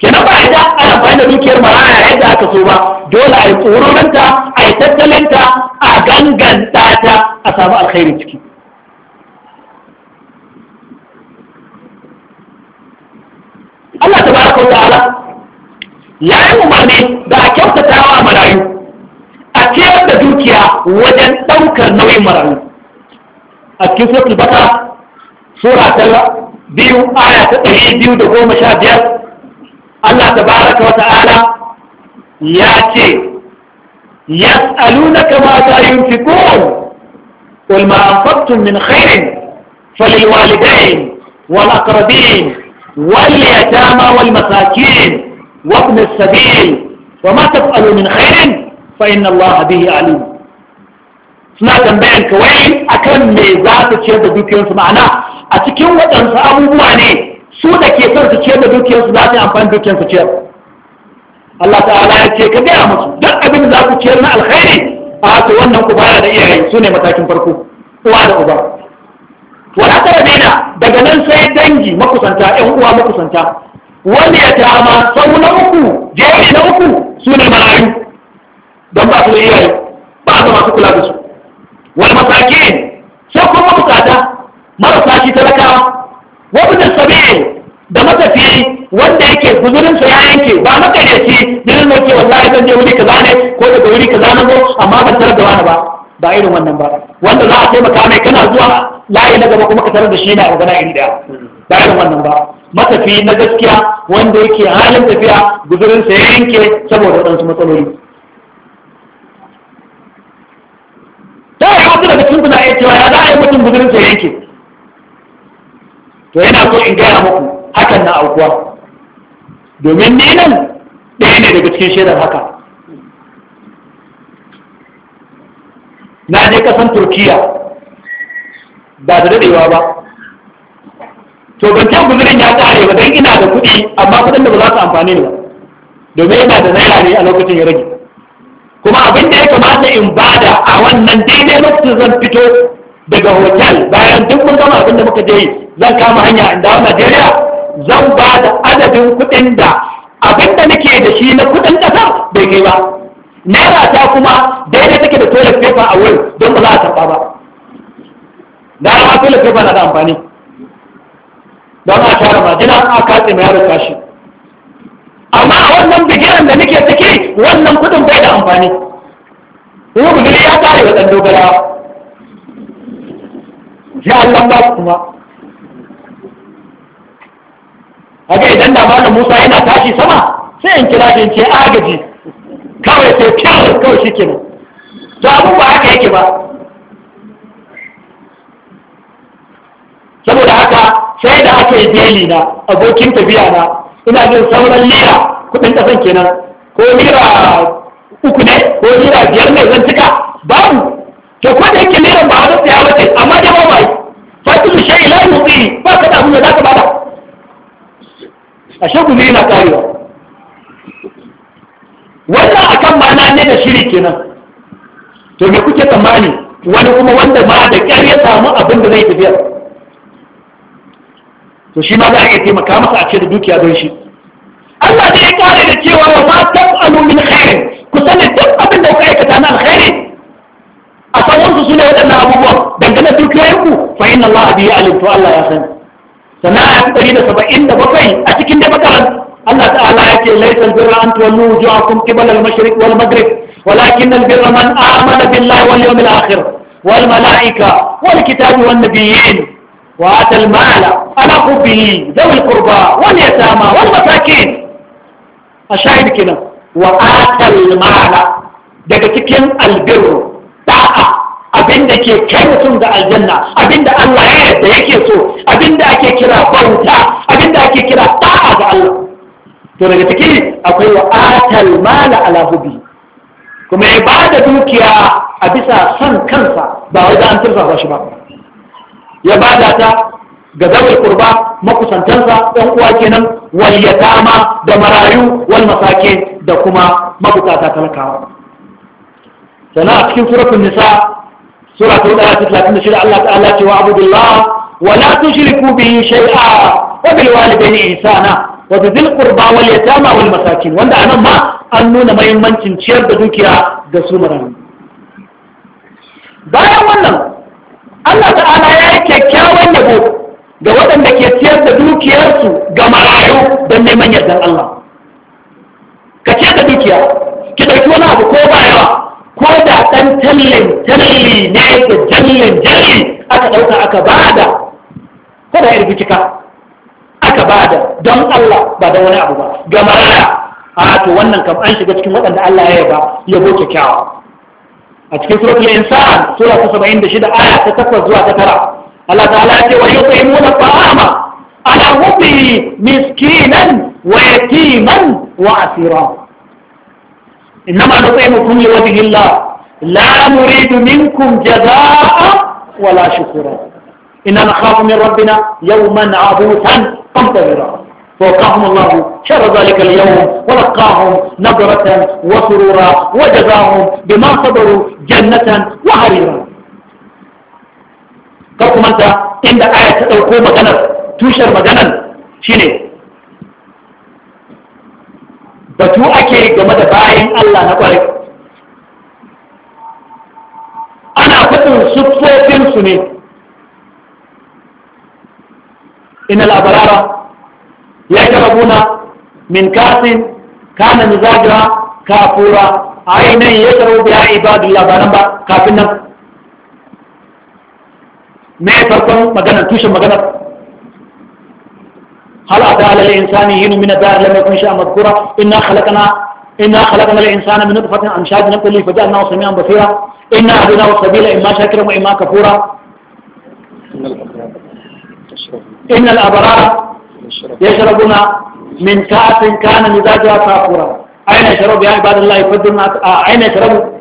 kenan ba ita ana bayan da dukiyar maraya yadda aka so ba dole a yi tsoronanta a yi tattalinta a ganganta ta a samu alkhairi ciki Allah baraka wa ta'ala ya yi umarni da a kyautata marayu a ciyar da dukiya wajen ɗaukar nauyin marayu a cikin suratul baka sura ta biyu aya ta ɗari biyu da goma sha biyar Allah ta baraka wa ta'ala ya ce yas'alunaka ma ta yunfiqun قل ما أنفقتم من خير فللوالدين والأقربين واليتامى والمساكين وابن السبيل وما تفعلوا من خير fa inna Allah bihi suna tambayar kawai akan me za su ciyar da dukiyarsu ma'ana a cikin waɗansu abubuwa ne su da ke son su ciyar da dukiyarsu za su yi amfani dukiyarsu ciyar Allah ta'ala ya ce ka gaya musu duk abin da za ku ciyar na alkhairi a haka wannan ku baya da iyaye su ne matakin farko uwa da uba wala ta daina daga nan sai dangi makusanta 'yan uwa makusanta Wani ya ta'ama sau na uku jeri na uku su ne marayu don ba su da iyaye ba su masu kula da su wani masaki sai kuma bukata marasa shi talakawa wabin sabi da matafi wanda yake guzurin sa ya yanke ba maka ne ci za a yi zan je wuri kaza ne ko daga wuri kaza na zo amma ban tarar da wani ba ba irin wannan ba wanda za a taimaka mai kana zuwa layi na gaba kuma ka tarar da shi na magana iri daya ba irin wannan ba matafi na gaskiya wanda yake halin tafiya guzurin sa ya yanke saboda waɗansu matsaloli wasu daga cikin kuna iya cewa ya za a yi mutum guzurin sai yake to yana so in gaya muku hakan na aukuwa domin ni nan ɗaya ne daga cikin shaidar haka na je kasan turkiya ba da daɗewa ba to ban can guzurin ya kare ba don ina da kuɗi amma kuɗin da ba za su amfani ne ba domin yana da naira ne a lokacin ya rage kuma abin da ya kamata in bada a wannan daidai lokacin zan fito daga hotel bayan duk mun gama abin da muka je zan kama hanya inda dawo Najeriya zan ba da adadin kuɗin da abin da nake da shi na kuɗin ƙasa bai kai ba naira ta kuma daidai take da toilet paper a wurin don ba za a taɓa ba da ma toilet paper na da amfani don a share majina a katse mai yaro kashi amma a wannan bigiran da nake ciki wannan kudin bai da amfani kuma bigire ya kare wa ɗan dogara ya Allah ba kuma haka idan da malam Musa yana tashi sama sai in kira shi ce agaji kawai sai kyawun kawai shi ke to abu ba haka yake ba saboda haka sai da aka yi beli na abokin tafiya na ina jin sauran lira kudin kasan kenan ko lira uku ne ko lira biyar ne zan cika babu to ko da yake lera ba a tsaya wace amma amma dai ba bai fatilu shay la yuti ba ka da abin da ka bada ashe ku ne na karewa wannan akan ma'ana ne da shiri kenan to me kuke tsammani wani kuma wanda ma da kyar ya samu abin da zai tafiya to shi ma za a iya taimaka masa a ce da dukiya don shi Allah zai kare da cewa wa ma taf'alu min khairin ku sani duk abin da kuka aikata na alkhairi a sauran su sune waɗannan abubuwan dangane da dukiyoyinku fa inna Allah bihi alim to Allah ya sani sana'a ɗari da saba'in da bakwai a cikin da makaran Allah ta'ala ya ce laisal birra an tuwallu wujuhakum qibala al-mashriq wal maghrib walakin al-birra man amana billahi wal yawmil akhir wal mala'ika wal kitabi wan nabiyyin وآتى المال على حبه ذوي القربى واليتامى والمساكين الشاهد كده وآتى المال daga cikin albirru da'a abinda ke kai mutum da aljanna abinda Allah ya yarda yake so abinda ake kira bauta abinda ake kira da'a ga Allah to daga ciki akwai wa atal mala ala hubi kuma ya bada dukiya a bisa son kansa ba wai da an turfa shi ba ya bada ta ga zawar kurba makusantansa ɗan uwa kenan wal yatama da marayu wal masake da kuma mabukata talakawa sannan a cikin suratul nisa sura ta shida Allah ta'ala ce wa abudullah wa la tushriku bihi shay'a wa bil walidayni ihsana wa dhil qurba wal yatama wal masakin wanda anan ma an nuna mahimmancin ciyar da dukiya ga su marayu bayan wannan Allah ta'ala ya yi kyakkyawan yabo ga waɗanda ke ciyar da dukiyarsu ga marayu don neman yardan Allah ka ciyar da dukiya ki ɗauki wani abu ko ba yawa ko da ɗan tallin talli ne da jallin jalli aka ɗauka aka bada ko da yarfi aka bada don Allah ba da wani abu ba ga maraya a to wannan kam an shiga cikin waɗanda Allah ya yaba yabo kyakkyawa أتكلم سورة الإنسان سورة 70 بشدة آية تتفر زوا تترى الله تعالى يأتي ويطعمون الطعام على حبه مسكينا ويتيما وأسيرا إنما نطعمكم لوجه الله لا نريد منكم جزاء ولا شكرا إننا نخاف من ربنا يوما عبوسا قمت براءة فوقاهم الله شر ذلك اليوم ولقاهم نظرة وسرورا وجزاهم بما صبروا جنة وحريرا قلتم أنت عند آية تتوقو مغنى تشر مغنى شيني batu ake game da bayan Allah na ƙwarai ana faɗin siffofinsu ne ina يشربون من كاس كان مزاجها كافورا عينا يشرب بها عباد الله بنبا كافنا ما فرقم مغنى توش مغنى هل أتى على الإنسان هين من الدار لم يكن شيئا مذكورا إنا خلقنا إنا خلقنا الإنسان من نطفة أمشاج نبتلي فجعلناه سميعا بصيرا إنا أهدناه السبيل إما شاكرا وإما كفورا إن الأبرار يشربون من كأس كان مزاجها كافورا أين يشرب يا عباد الله يفضل آه أين يشرب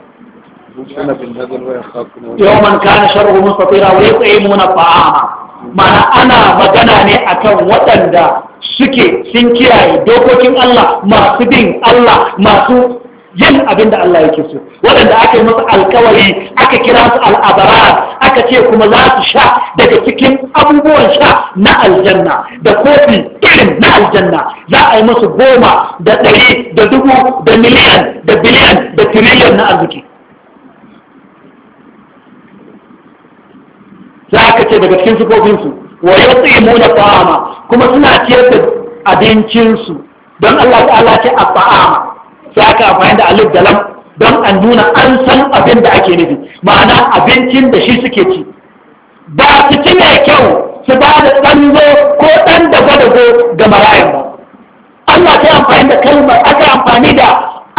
يوما كان شره مستطيرا ويطعمون الطعام mana ana magana ne akan waɗanda suke sun kiyaye dokokin Allah masu bin Allah masu yin abin da Allah yake so waɗanda aka yi masa alkawari aka kira su al'abara aka ce kuma za su sha daga cikin abubuwan sha na aljanna da kofi irin na aljanna za a yi masu goma da ɗari da dubu da miliyan da biliyan da tiriliyan na arziki za ka ce daga cikin sufofinsu wa yau mu da fa'ama kuma suna ciyar da abincinsu don Allah ta'ala ce a fa'ama sai aka amfani da alif da lam don an nuna an san abin da ake nufi ma'ana abincin da shi suke ci ba su ci mai kyau su ba da tsanzo ko ɗan da gwadago ga marayan ba Allah sai amfani da kalmar aka amfani da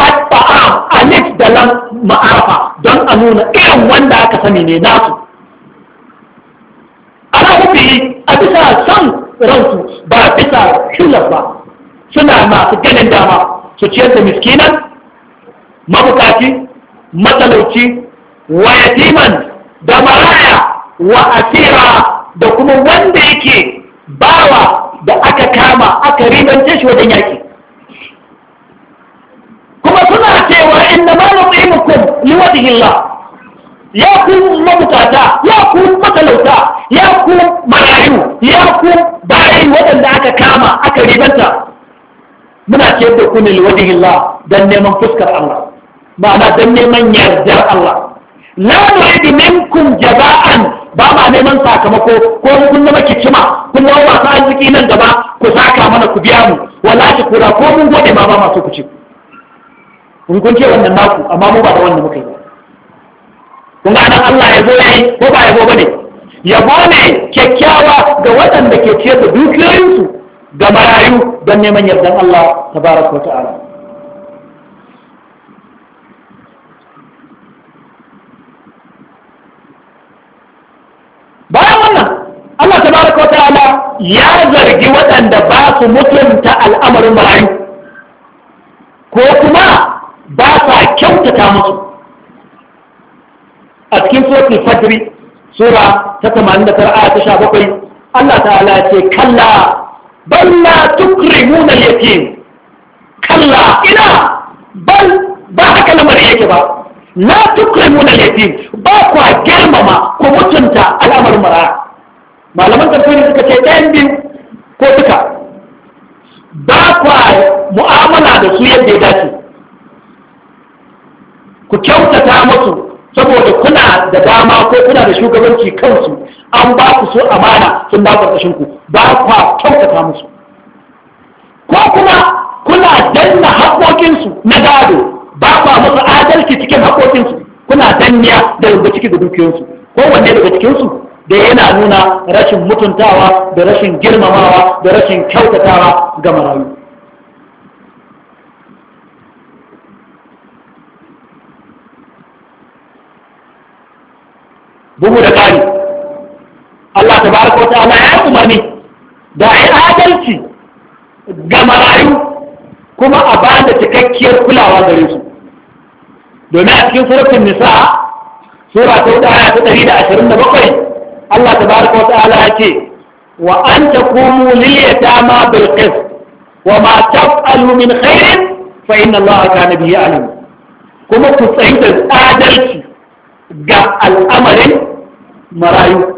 atfa'a alif da lam ma'afa don a nuna irin wanda aka sani ne nasu ana hufi a bisa san ransu ba bisa shulas ba suna masu ganin dama su ciyar da miskinan mabukaci matalauci wa yatiman da maraya wa asira da kuma wanda yake bawa da aka kama aka ribance shi wajen yaki kuma suna cewa inna ma nuqimukum liwajhi Allah ya ku mabukata ya ku matalauta ya ku marayu ya ku bayi waɗanda aka kama aka ribanta muna siyar da ku ne Allah dan neman fuskar Allah ma'ana dan neman yardar Allah la nuridu minkum jaza'an ba ma neman sakamako ko kun zama kicima kun zama masu arziki nan gaba ku saka mana ku biya mu wallahi kura ko mun gode ma ba masu ku ci kun kun ce wannan naku amma mu ba da wannan muka yi kun ga nan Allah ya zo yi, ko ba ya zo bane yabo ne kyakkyawa ga waɗanda ke ciyar da dukiyoyinsu ga marayu don neman yardan Allah Ta ko ta'ala bayan wannan Allah Ta ko ta'ala ya zargi waɗanda ba su mutunta al'amarin marayu ko kuma ba sa kyautata musu a cikin suratul fajr sura ta 89 aya ta 17 Allah ta'ala ce kalla bal la tukrimuna al-yatim kalla ina bal ba haka lamarin yake ba la tukrimuna al-yatim ba ku girmama ko mutunta al'amarin maraya malaman tafsiri suka ce ɗayan biyu ko duka ba ku mu'amala da su yadda ya dace ku kyautata musu saboda kuna da dama ko kuna da shugabanci kansu an ba ku so amana sun ba kashin ku ba kwa kyautata musu ko kuma kuna danna haƙoƙinsu na gado ba kwa musu adalci cikin haƙoƙinsu kuna danniya da rubuta ciki da ko wanne daga cikinsu da yana nuna rashin mutuntawa da rashin girmamawa da rashin kyautatawa ga marayu bugu da kari tabaraka wa ta'ala ya umarni da ayi adalci ga marayu kuma a ba da cikakkiyar kulawa gare su domin a cikin suratul nisa sura ta hudu aya ta ɗari da ashirin da bakwai Allah tabaraka wa ta'ala ya ce wa an taqumu lil yatama bil qist wa ma taf'alu min khairin fa inna Allah kana bihi alim kuma ku tsayi da adalci ga al'amarin marayu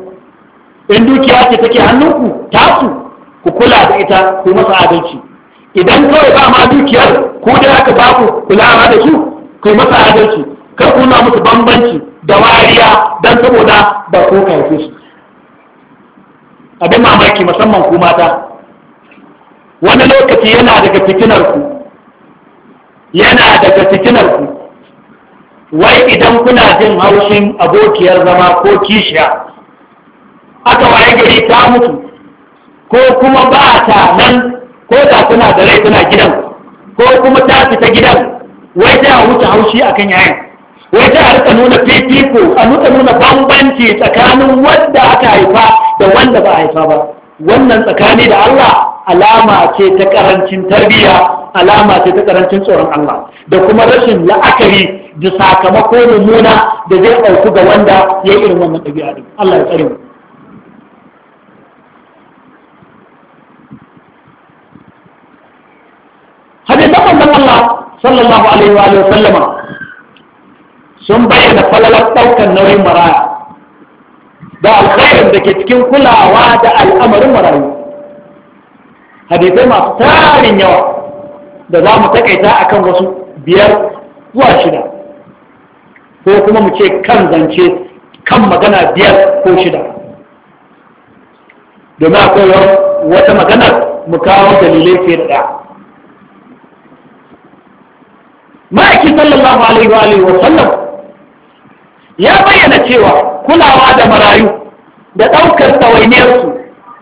in dukiya ce take hannunku tasu ku kula da ita ku masa adalci idan kawai ba ma dukiyar ku da aka ba ku kulawa da su ku masa adalci kar ku na musu bambanci da wariya dan saboda ba ko karfe su abin mamaki musamman ku mata wani lokaci yana daga fitinar ku yana daga fitinar ku wai idan kuna jin haushin abokiyar zama ko kishiya aka waye gari ta mutu ko kuma ba ta nan ko da kuna da rai kuna gidan ko kuma ta fita gidan wai ta wuce haushi akan yayin wai ta rika nuna fifiko a rika nuna bambanci tsakanin wanda aka haifa da wanda ba a haifa ba wannan tsakani da Allah alama ce ta karancin tarbiyya alama ce ta karancin tsoron Allah da kuma rashin la'akari da sakamako mummuna da zai auku ga wanda ya yi irin wannan ɗabi'a Allah ya tsare mu sahabban manzon Allah sallallahu alaihi wa sallama sun bayyana falalar ɗaukar nauyin maraya da alkhairin da ke cikin kulawa da al'amarin marayu hadisai masu tarin yawa da za mu takaita akan wasu biyar zuwa shida ko kuma mu ce kan zance kan magana biyar ko shida domin akwai wata magana mu kawo dalilai fiye da ɗaya. ma'aikin sallallahu alaihi wa alaihi wa sallam ya bayyana cewa kulawa da marayu da ɗaukar tsawainiyarsu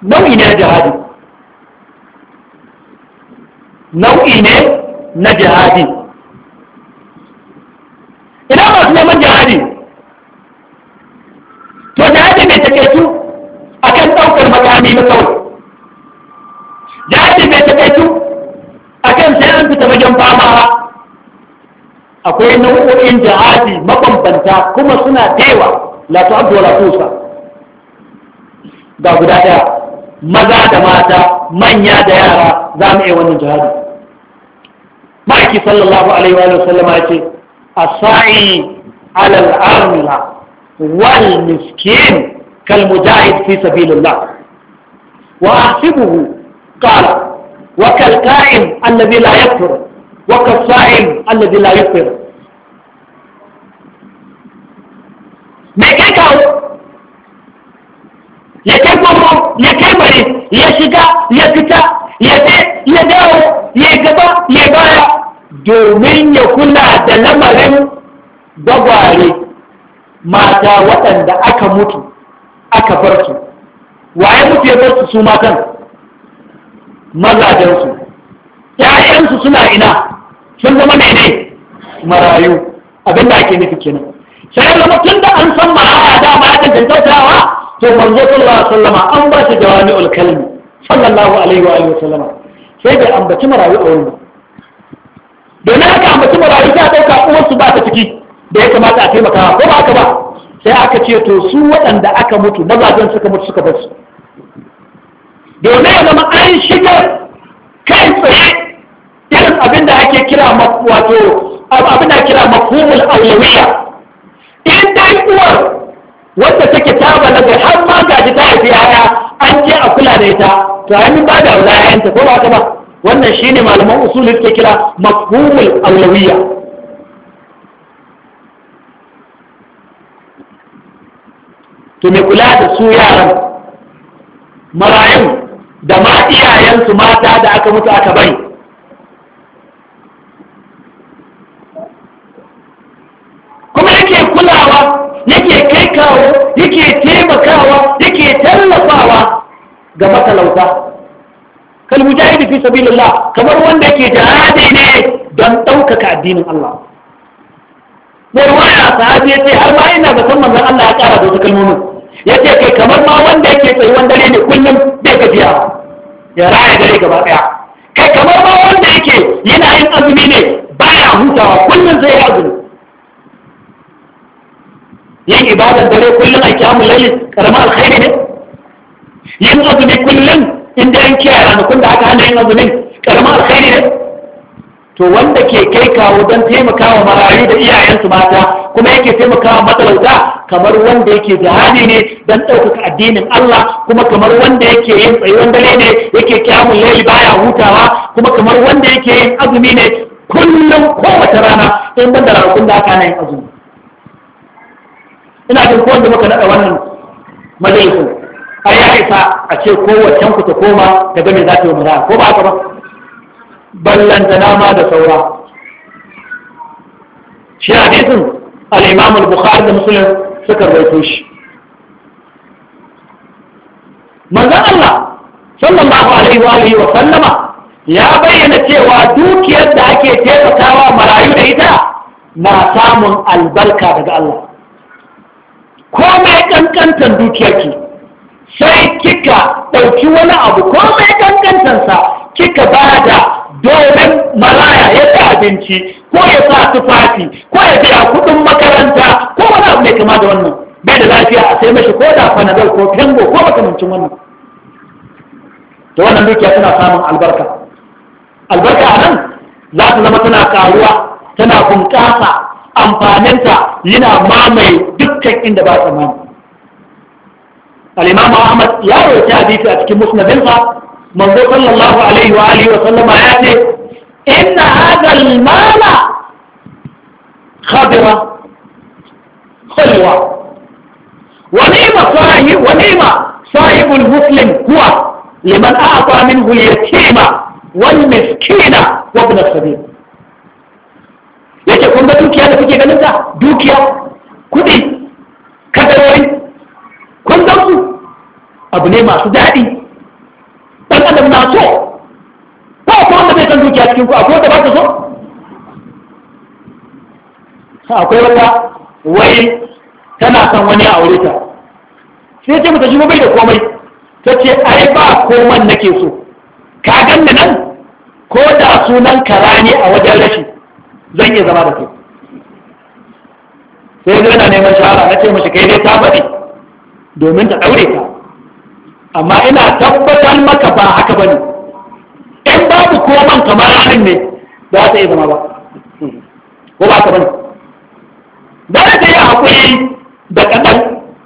nau'i ne na jihadi nau'i ne na jihadi ina masu neman jihadi to jihadi mai takaitu a kan ɗaukar makami na kawai jihadi mai takaitu a kan sai an fita wajen fama akwai nau'o'in jihadi mabambanta kuma suna taiwa la ta'addu wala tusa ga guda daya maza da mata manya da yara za mu iya wannan jihadi Maki sallallahu alaihi wa sallama ya ce asai alal armila wal miskin kal mujahid fi sabilillah wa ahsibuhu qala wa kal qa'im alladhi la yakfur wa kasa'im alladhi la yufṭir me kai kawo ya kai kofo ya kai bare ya shiga ya fita ya je ya dawo ya gaba ya baya domin ya kula da lamarin gwagware mata waɗanda aka mutu aka bar su waye mutu ya bar su su matan mazajensu ‘ya'yansu suna ina sun zama ne marayu abin da ake nufi kenan sai zama tun da an san maraya da ba aka tantautawa to manzo sallallahu alaihi wasallama an ba shi jawami'ul kalmi sallallahu alaihi wa alihi wasallama sai bai ambaci marayu a wurin domin aka ambaci marayu ta dauka su ba ta ciki da ya kamata a taimaka ko ba ka ba sai aka ce to su waɗanda aka mutu mazajen suka mutu suka bar su domin ya zama an shigar kai tsaye irin abin da ake kira wato abin da kira mafhumul aulawiyya in dai uwar wadda take ta balaga har ma gaji ta haifi yaya an je a kula da ita to an ba da yayanta ko ba ta ba wannan shine malaman usul suke kira mafhumul aulawiyya to me kula da su yaran marayun da ma iyayensu mata da aka mutu aka bari yake kai kawo yake taimakawa yake tallafawa ga matalauta kalmujahid fi sabilillah kamar wanda yake jihadi ne don ɗaukaka addinin Allah warwaya sahabi ya har ma ina ga san manzon Allah ya ƙara da wasu kalmomin ya kai kamar ma wanda yake tsayuwan dare ne kullum bai gajiya ya raya dare gaba ɗaya kai kamar ma wanda yake yana yin azumi ne baya hutawa kullum zai yi azumi yin ibadar dare kullum a kyamun lalle karamar alkhairi ne yin azumi kullum inda an kiyaye ranakun da aka hana yin azumin karamar alkhairi ne to wanda ke kai kawo don taimakawa marayu da iyayensu mata kuma yake taimakawa matalauta kamar wanda yake jihadi ne don ɗaukaka addinin Allah kuma kamar wanda yake yin tsayuwan dare ne yake kyamun lalle baya hutawa kuma kamar wanda yake yin azumi ne kullum kowace rana in banda ranakun da aka hana yin azumi ina jin ko wanda muka naɗa wannan majalisu ai ya isa a ce kowace ku ta koma daga me za ta yi mura ko ba ka ba ballanta nama da saura shi hadisin al-imam al-bukhari da muslim suka rawaito shi manzon Allah sallallahu alaihi wa alihi wa sallama ya bayyana cewa dukiyar da ake taimakawa marayu da ita na samun albarka daga Allah komai kankantar dukiyarki sai kika ɗauki wani abu komai kankantarsa kika ba da domin maraya ya abinci ko ya sa tufafi ko ya biya kuɗin makaranta ko wani abu mai kama da wannan bai da lafiya a sai mashi ko da fanadol ko fengo ko makamancin wannan da wannan dukiya tana samun albarka albarka a nan za ta zama tana karuwa tana bunƙasa amfaninsa yana mamaye dukkan inda ba tsammani al-imam ahmad ya rawaita hadisi a cikin musnadinsa manzo sallallahu alaihi wa alihi wa sallama ya ce inna hadha al-mala khadira khulwa ونعم صاحب ونعم صاحب المسلم هو لمن أعطى منه اليتيم والمسكين وابن السبيل yake kun ga dukiya da kuke ganin ta dukiya kuɗi kadarori kun ga su abu ne masu daɗi ɗan adam na so ba ko wanda bai san dukiya cikin ku akwai wanda ba ta so akwai wata wai tana son wani a aure ta sai ce mata shi bai da komai ta ce ai ba koman nake so ka ganna nan ko da sunan kara ne a wajen rashi zan iya zama da kai sai zai na neman shawara na ce mashi kai dai ta bari domin ta ɗaure ta amma ina tabbatar maka ba haka bane in babu koman kamar ranar ne ba ta iya zama ba ko ba ka bane da ta yi haƙuri da kaɗan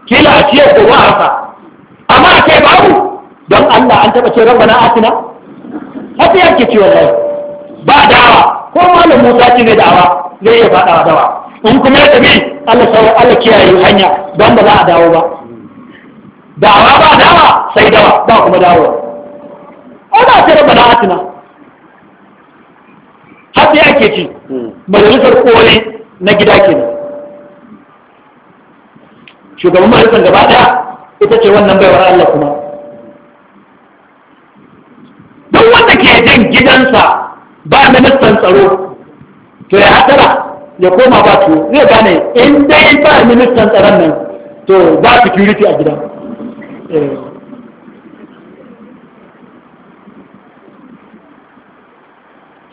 kila a ciyar da wa'asa amma a kai babu don Allah an taɓa ce rabbana asina haka yake ciwon rai ba dawa ko malam Musa ce mai da'awa zai iya faɗawa dawa in kuma ya tafi Allah sauran Allah kiyaye hanya don ba za a dawo ba da'awa ba dawa sai dawa ba kuma dawo ana ce da bana atina har sai ake ci majalisar koli na gida ke kenan shugaban majalisar gaba daya ita ce wannan baiwar Allah kuma duk wanda ke jin gidansa ba ministan tsaro to ya hatara ya koma ba to zai gane in dai ba ministan tsaron nan to ba security a gida eh.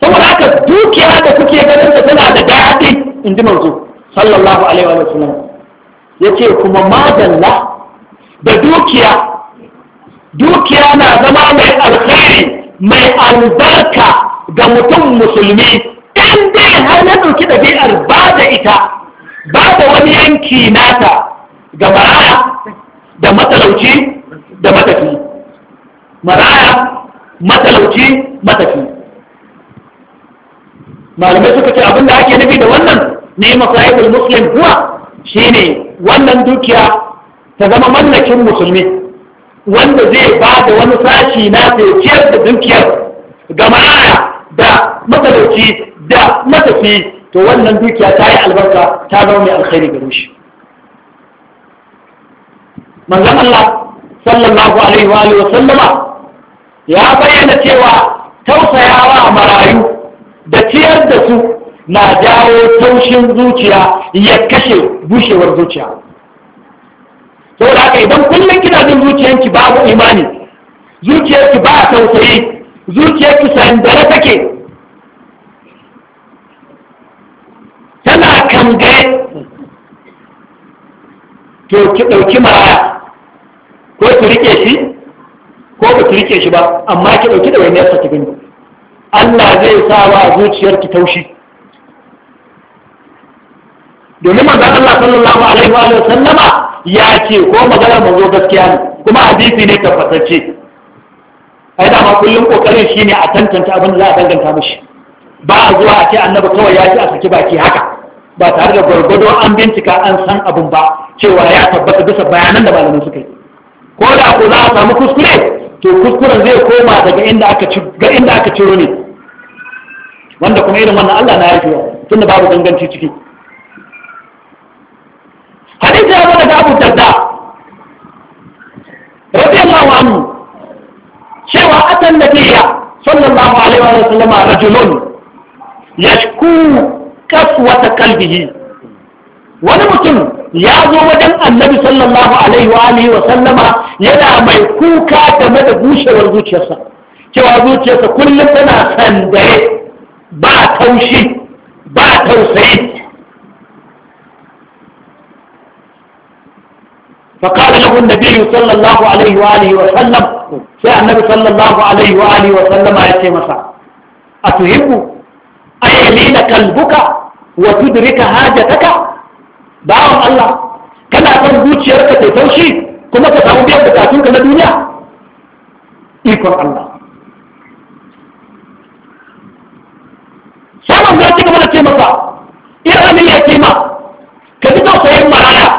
saboda haka dukiya da kuke ganin da tana da daɗi in ji manzo sallallahu alaihi wa sallam ce kuma madalla da dukiya dukiya na zama mai alkhairi mai albarka ga mutum musulmi in dai har ya ɗauki ɗabi'ar ba da ita ba da wani yanki nata ga maraya da matalauci da matafi maraya matalauci matafi malamai suka ce abinda ake nufi da wannan ne masahibul muslim kuwa shine wannan dukiya ta zama mallakin musulmi wanda zai ba da wani sashi na ciyar da dukiyar ga maraya da matalauci da matafi to wannan dukiya ta yi albarka ta zama mai alkhairi gare shi manzon Allah sallallahu alaihi wa alihi wa sallama ya bayyana cewa tausayawa marayu da ciyar da su na jawo taushin zuciya ya kashe bushewar zuciya saboda haka idan kullum kina jin zuciyanki babu imani zuciyarki ba tausayi zuciyarki dare take tana kan kangare to ki ɗauki mara ko ki rike shi ko ba ki rike shi ba amma ki ɗauki da wani yasa ki gani Allah zai sa wa zuciyar ki taushi domin manzon Allah sallallahu alaihi wa sallama ya ce ko magana mazo gaskiya ne kuma hadisi ne tabbatacce ai dama kullum kokarin shine a tantance abin da za a danganta mishi ba a zuwa a ce annabi kawai ya ci a saki baki haka ba tare da gwargwado an bincika an san abin ba cewa ya tabbata bisa bayanan da malamin suka yi ko da ko za a samu kuskure to kuskuren zai koma daga inda aka ci ga inda aka ciro ne wanda kuma irin wannan Allah na yafi tunda babu danganci ciki hadisi ya zo da Abu Darda radiyallahu anhu أن النبي صلى الله عليه وسلم رجل يشكو كسوة wani mutum ya zo wajen annabi sallallahu alaihi wa alihi wa sallama yana mai kuka game da bushewar zuciyarsa cewa zuciyarsa kullum tana sandaye ba taushi ba tausayi فقال له النبي صلى الله عليه وآله وسلم سيع النبي صلى الله عليه وآله وسلم آية مساء أتهب أن يلين كلبك وتدرك حاجتك باعوا الله كما تنبوت شركة توشي كما تتعون بها بتاتوك لدنيا إيكم الله شامن ذاتك من التيمة إرغم اليتيمة كذلك سيما عليها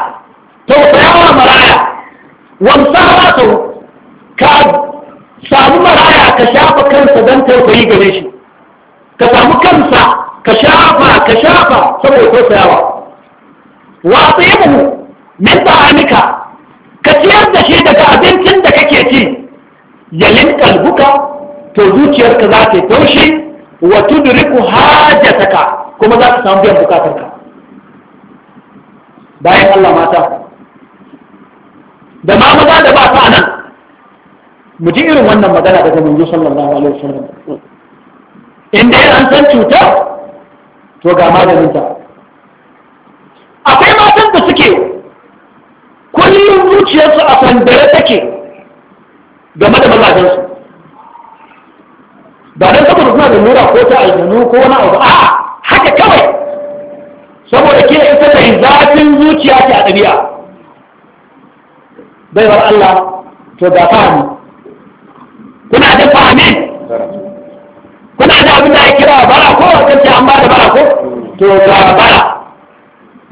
wanda ba ka samu maraya ka shafa kansa don tausayi gare shi ka samu kansa ka shafa ka shafa saboda tausayawa wa mu, min ta'amika ka ciyar da shi daga abincin da kake ci yalin kalbuka to zuciyarka za ta taushi wa tudriku hajataka kuma za ka samu biyan bukatarka bayan Allah mata da ma maza da ba sa nan mu ji irin wannan magana daga manzo sallallahu alaihi wasallam in an san cutar to ga maganin ta akwai matan da suke kullum zuciyarsu a sandare take game da mazajensu ba dan saboda suna da nura ko ta aljanu ko wani abu a haka kawai saboda ke ita mai zafin zuciya ce a ɗabi'a baiwar Allah to ga fahimi kuna da fahimi kuna da abin da kira bara ko a kace an bada da bara ko to ga bara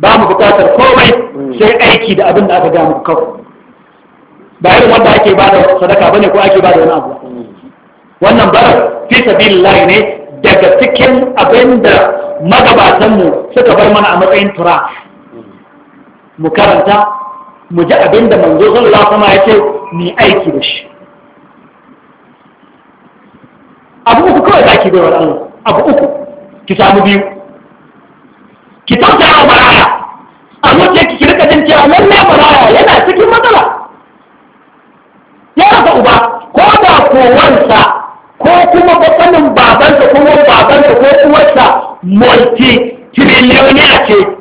ba mu bukatar komai sai aiki da abin da aka ga muku kawai ba irin wanda ake ba da sadaka bane ko ake ba da wani abu wannan bara fi sabilillah ne daga cikin abin da magabatanmu suka bar mana a matsayin tura mu karanta mu ji abin da manzo sallallahu alaihi ya ce ni aiki da shi abu uku kawai za ki bai wa Allah abu uku ki samu biyu ki tausaya wa baraya amma ke ki rika jin cewa lallai baraya yana cikin matsala ya rasa uba ko da kowansa ko kuma babanin babansa ko babansa ko uwarsa multi trillionaire ce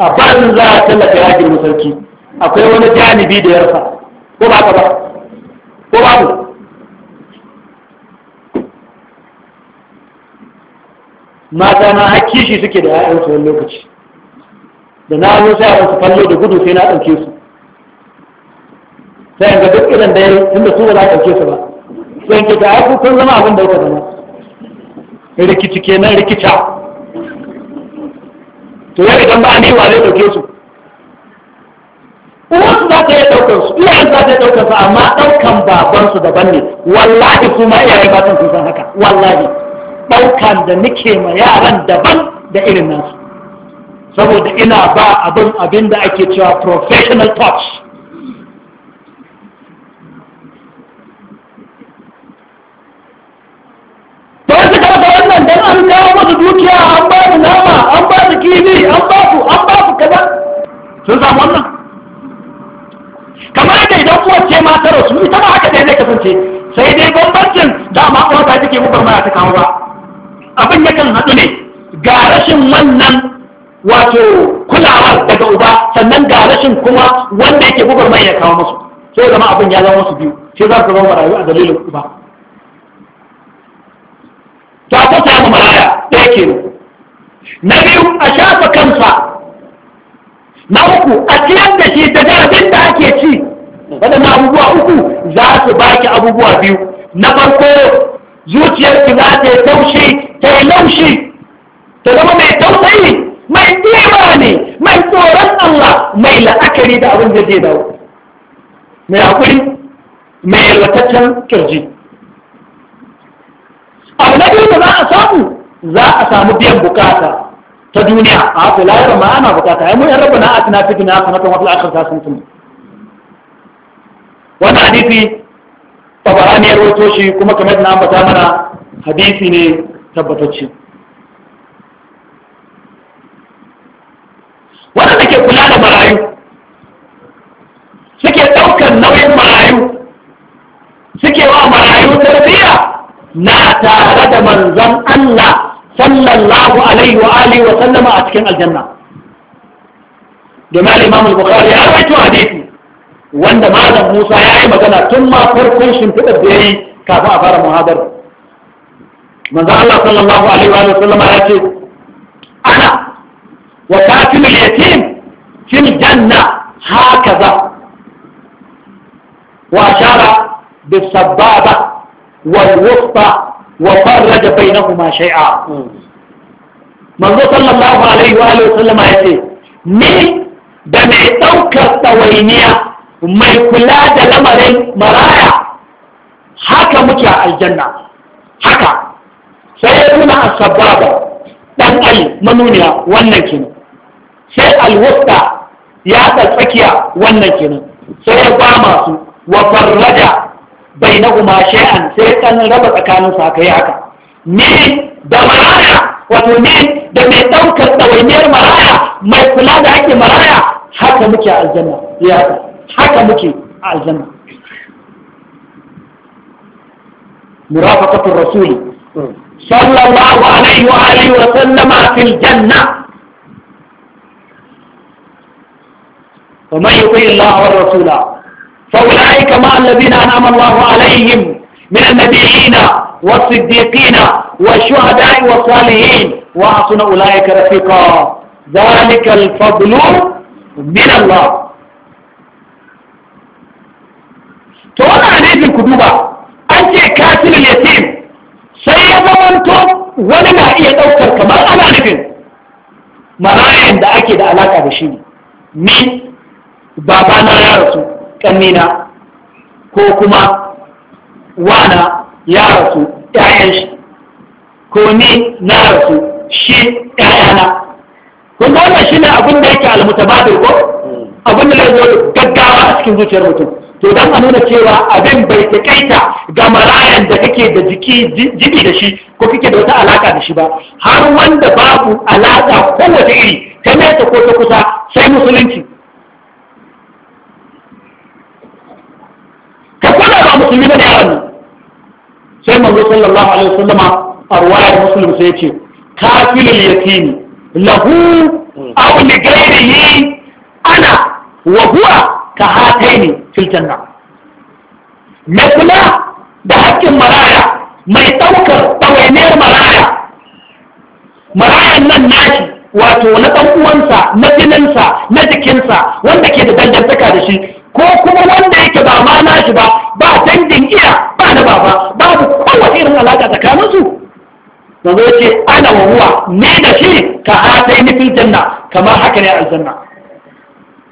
a bayan za a tallata ya girma sarki akwai wani janibi da yarsa ko ba ka ba ko ba ku mata na haƙƙi shi suke da ya'yansu wani lokaci da na zo sai a wasu fallo da gudu sai na ɗauke su sai ga duk irin da ya tunda su ba za a ɗauke su ba sai ke ta haifu kun zama abin da ya zama rikici kenan rikica. to yau idan ba a wa zai dauke su uwansu za ta yi ɗaukar su iyayen za ta yi ɗaukar su amma ɗaukan babansu daban ne wallahi su ma iyayen matan sun san haka wallahi ɗaukan da nike ma yaran daban da irin nasu saboda ina ba abin abin da ake cewa professional touch to su karfa wannan dan an kawo masa dukiya an ba nama an ba su kifi an ba su an ba su kaza sun samu wannan kamar da idan kuwa ce matar ta ita ma haka dai zai kasance sai dai bambancin ma uwar ta take mubar mara ta kawo ba abin yakan haɗu ne ga rashin wannan wato kulawar daga uba sannan ga rashin kuma wanda yake gubar mai ya kawo musu sai zama abin ya zama musu biyu sai za su zama rayuwa a dalilin uba ta ta samu maraya ɗaya kenan na biyu a shafa kansa na uku a ciyar da shi da abin da ake ci waɗannan abubuwa uku za su baki abubuwa biyu na farko zuciyarki za ta yi taushi ta yi laushi ta zama mai tausayi mai ɗewa ne mai tsoron Allah mai la'akari da abin da zai dawo mai haƙuri mai yalwataccen kirji abu na biyu da za a samu za a samu biyan bukata ta duniya a to lahira ma ana bukata ai mu yan rabbana atina fid dunya hasanatan wa fil akhirati hasanatan wannan hadisi tabarani ya rawaito shi kuma kamar na ambata mana hadisi ne tabbatacce wanda take kula da marayu suke ɗaukar nauyin marayu suke wa marayu tarbiyya na tare da manzon Allah صلى الله عليه وآله وسلم أتكن الجنة جمال إمام البخاري أرأيت حديثي وعند مالا موسى يعيب جنة ثم فرقل شمتد الدين كافة أفار مهادر من ذا الله صلى الله عليه وآله وسلم أرأيت أنا وكاتم اليتيم في الجنة هكذا وأشار بالسبابة والوسطى wa farraja bainahuma shay'a manzo sallallahu alaihi wa Sallama ya ce, ni da mai ɗaukar tsawainiya mai kula da lamarin maraya haka muke a aljanna haka sai ya nuna a asababa ɗan ali manuniya wannan kenan sai alwusta ya tsakiya wannan kenan sai ya ba masu wa farraja بينهما شيئا سيكون ربع كانوا ساكياكا مين دمرايا وتو مين دمي دوكا دوينير مرايا ما يكون هذا عكي مرايا حكا مكي على الجنة ياكا حكا مكي على الجنة مرافقة الرسول صلى الله عليه وآله وسلم في الجنة ومن يطيع الله والرسول فأولئك مع الذين أنعم الله عليهم من النبيين والصديقين والشهداء والصالحين وحسن أولئك رفيقا ذلك الفضل من الله to wannan hadisin ku duba an ce katilul yatim sai ya zamanto wani na iya ɗaukar kamar ana nufin marayan da ake da alaka da shi ni babana ya rasu ƙannina ko kuma wana ya rasu ɗayan shi ko ni na rasu shi ɗayana. kun ga wannan ne abin da yake almutabadir ko abin da zai zo gaggawa a cikin zuciyar mutum to dan a nuna cewa abin bai takaita ga marayan da kake da jiki jibi da shi ko kake da wata alaka da shi ba har wanda babu alaka kowace iri ta nesa ko ta kusa sai musulunci musulmi bane a wannan sai manzo sallallahu alaihi wasallama a ruwayar sai ce kafilul yatim lahu aw li ghayrihi ana wa huwa ka hataini fil janna me kula da hakkin maraya mai daukar tawainiyar maraya marayan nan nashi wato na dan uwansa na jininsa na jikinsa wanda ke da dangantaka da shi ko kuma wanda yake ba ma nashi ba ba dangin iya ba da baba babu kowace irin alaka tsakaninsu da zo ce ana wa ruwa ne da shi ka hatai nufin janna kamar haka ne aljanna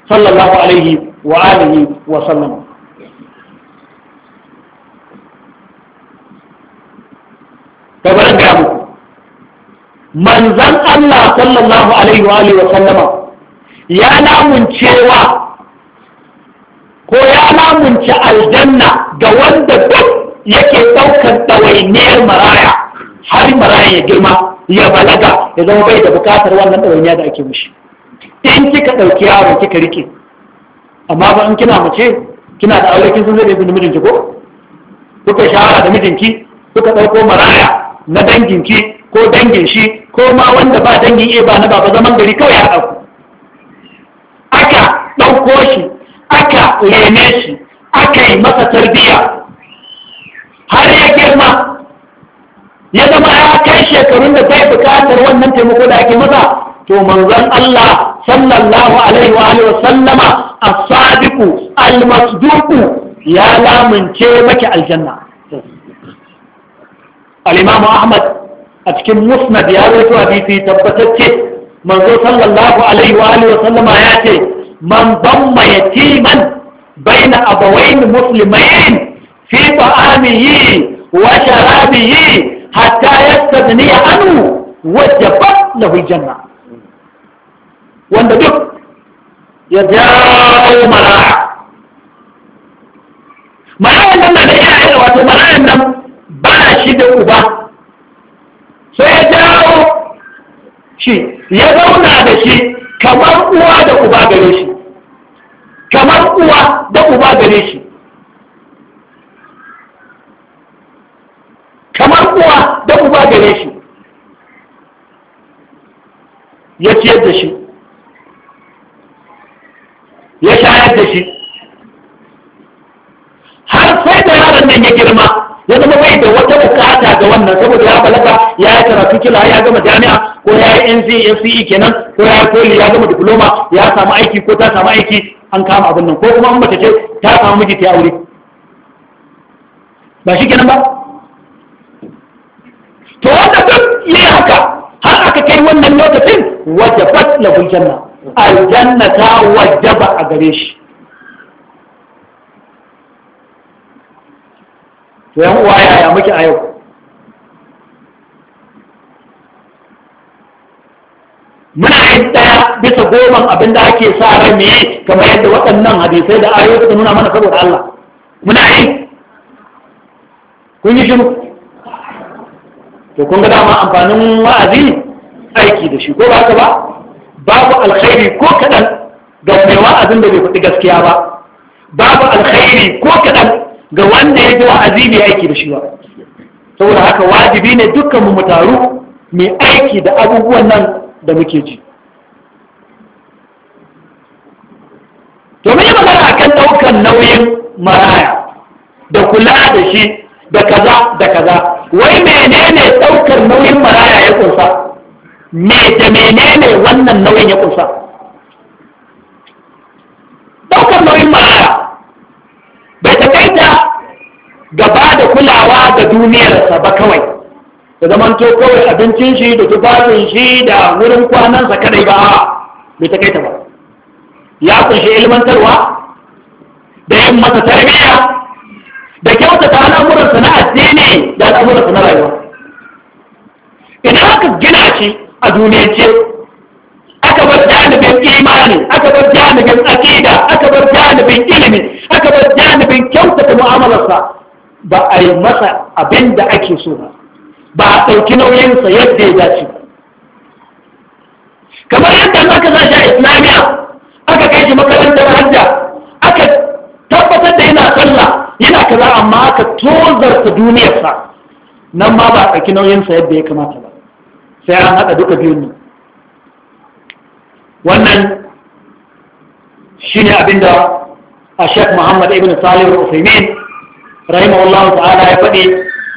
sallallahu alaihi wa alihi wa sallam da bari ga manzan Allah sallallahu alaihi wa alihi wa sallama ya namun cewa ko ya lamunci aljanna ga wanda duk yake ɗaukar ɗawainiyar maraya har maraya ya girma ya balaga ya zama bai da bukatar wannan ɗawainiya da ake mushi in kika ɗauki yaro kika rike amma ba in kina mace kina da aure kin san zai namijin mijinki ko kuka shahara da mijinki kuka ɗauko maraya na danginki ko dangin shi ko ma wanda ba dangin iya ba na baba zaman gari kawai ya ɗauko aka ɗauko shi aka rene shi aka yi masa tarbiyya har ya girma ya zama ya kai shekarun da bai bukatar wannan taimako da ake masa to manzon Allah sallallahu alaihi wa alihi wa sallama as-sadiqu al-masduqu ya lamunce maki aljanna al-imam Ahmad a cikin musnad ya rawaito hadisi tabbatacce manzo sallallahu alaihi wa alihi wa sallama ya ce Mamban damma timan baina abawayn muslimain fi ta'amihi wa sharabihi hatta yastagniya anhu wajabat lahu janna wanda duk ya jawo mara'a mara'an nan na da iyaye wato mara'an nan ba shi da uba sai ya jawo shi ya zauna da shi kamar uwa da uba gare kamar uwa da uba gare shi kamar uwa da uba gare shi ya ciyar da shi ya shayar da shi har sai da yaron nan ya girma ya zama wai da wata bukata ga wannan saboda ya balaga ya yi karatu kila ya gama jami'a ko ya yi NCE kenan ko ya yi koli ya gama diploma ya samu aiki ko ta samu aiki an kama abin nan ko kuma an mace ce ta samu miji ta aure ba shi kenan ba to wanda duk yi haka har aka kai wannan lokacin wajabat lahul janna aljanna ta wajaba a gare shi to yan uwa yaya muke a yau muna yin ɗaya bisa goman abin da ake sa rai mai kamar yadda waɗannan hadisai da ayo suka nuna mana saboda Allah muna yi kun yi shiru to kun ga dama amfanin wa'azi aiki da shi ko ba ka ba babu alkhairi ko kaɗan ga mai wa'azin da bai faɗi gaskiya ba babu alkhairi ko kaɗan ga wanda ya ji wa'azi ya aiki da shi ba saboda haka wajibi ne dukkan mu taru mai aiki da abubuwan nan da muke ji to yi magana akan daukan nauyin maraya da kula da shi da kaza da kaza wai menene daukar nauyin maraya ya kunsa me da menene wannan nauyin ya kunsa daukar nauyin maraya lura da duniyarsa ba kawai da zaman to kawai abincin shi da tufafin shi da wurin kwanansa kadai ba bai ta kai ta ba ya kunshi ilmantarwa da yin masa tarbiyya da kyauta kyautata al'amuransa na addini da al'amuransa na rayuwa idan aka gina shi a duniyance aka bar janibin imani aka bar janibin akida aka bar janibin ilimi aka bar janibin kyautata mu'amalarsa ba a yi masa abin da ake so ba ba a ɗauki nauyinsa yadda ya dace ba kamar yadda aka sa shi a aka kai shi makarantar hajja aka tabbatar da yana sallah yana kaza amma aka tozarta duniyarsa nan ma ba a ɗauki nauyinsa yadda ya kamata ba sai an haɗa duka biyun ne wannan shine abinda a shek muhammad ibn salih al رحمه الله تعالى يفدي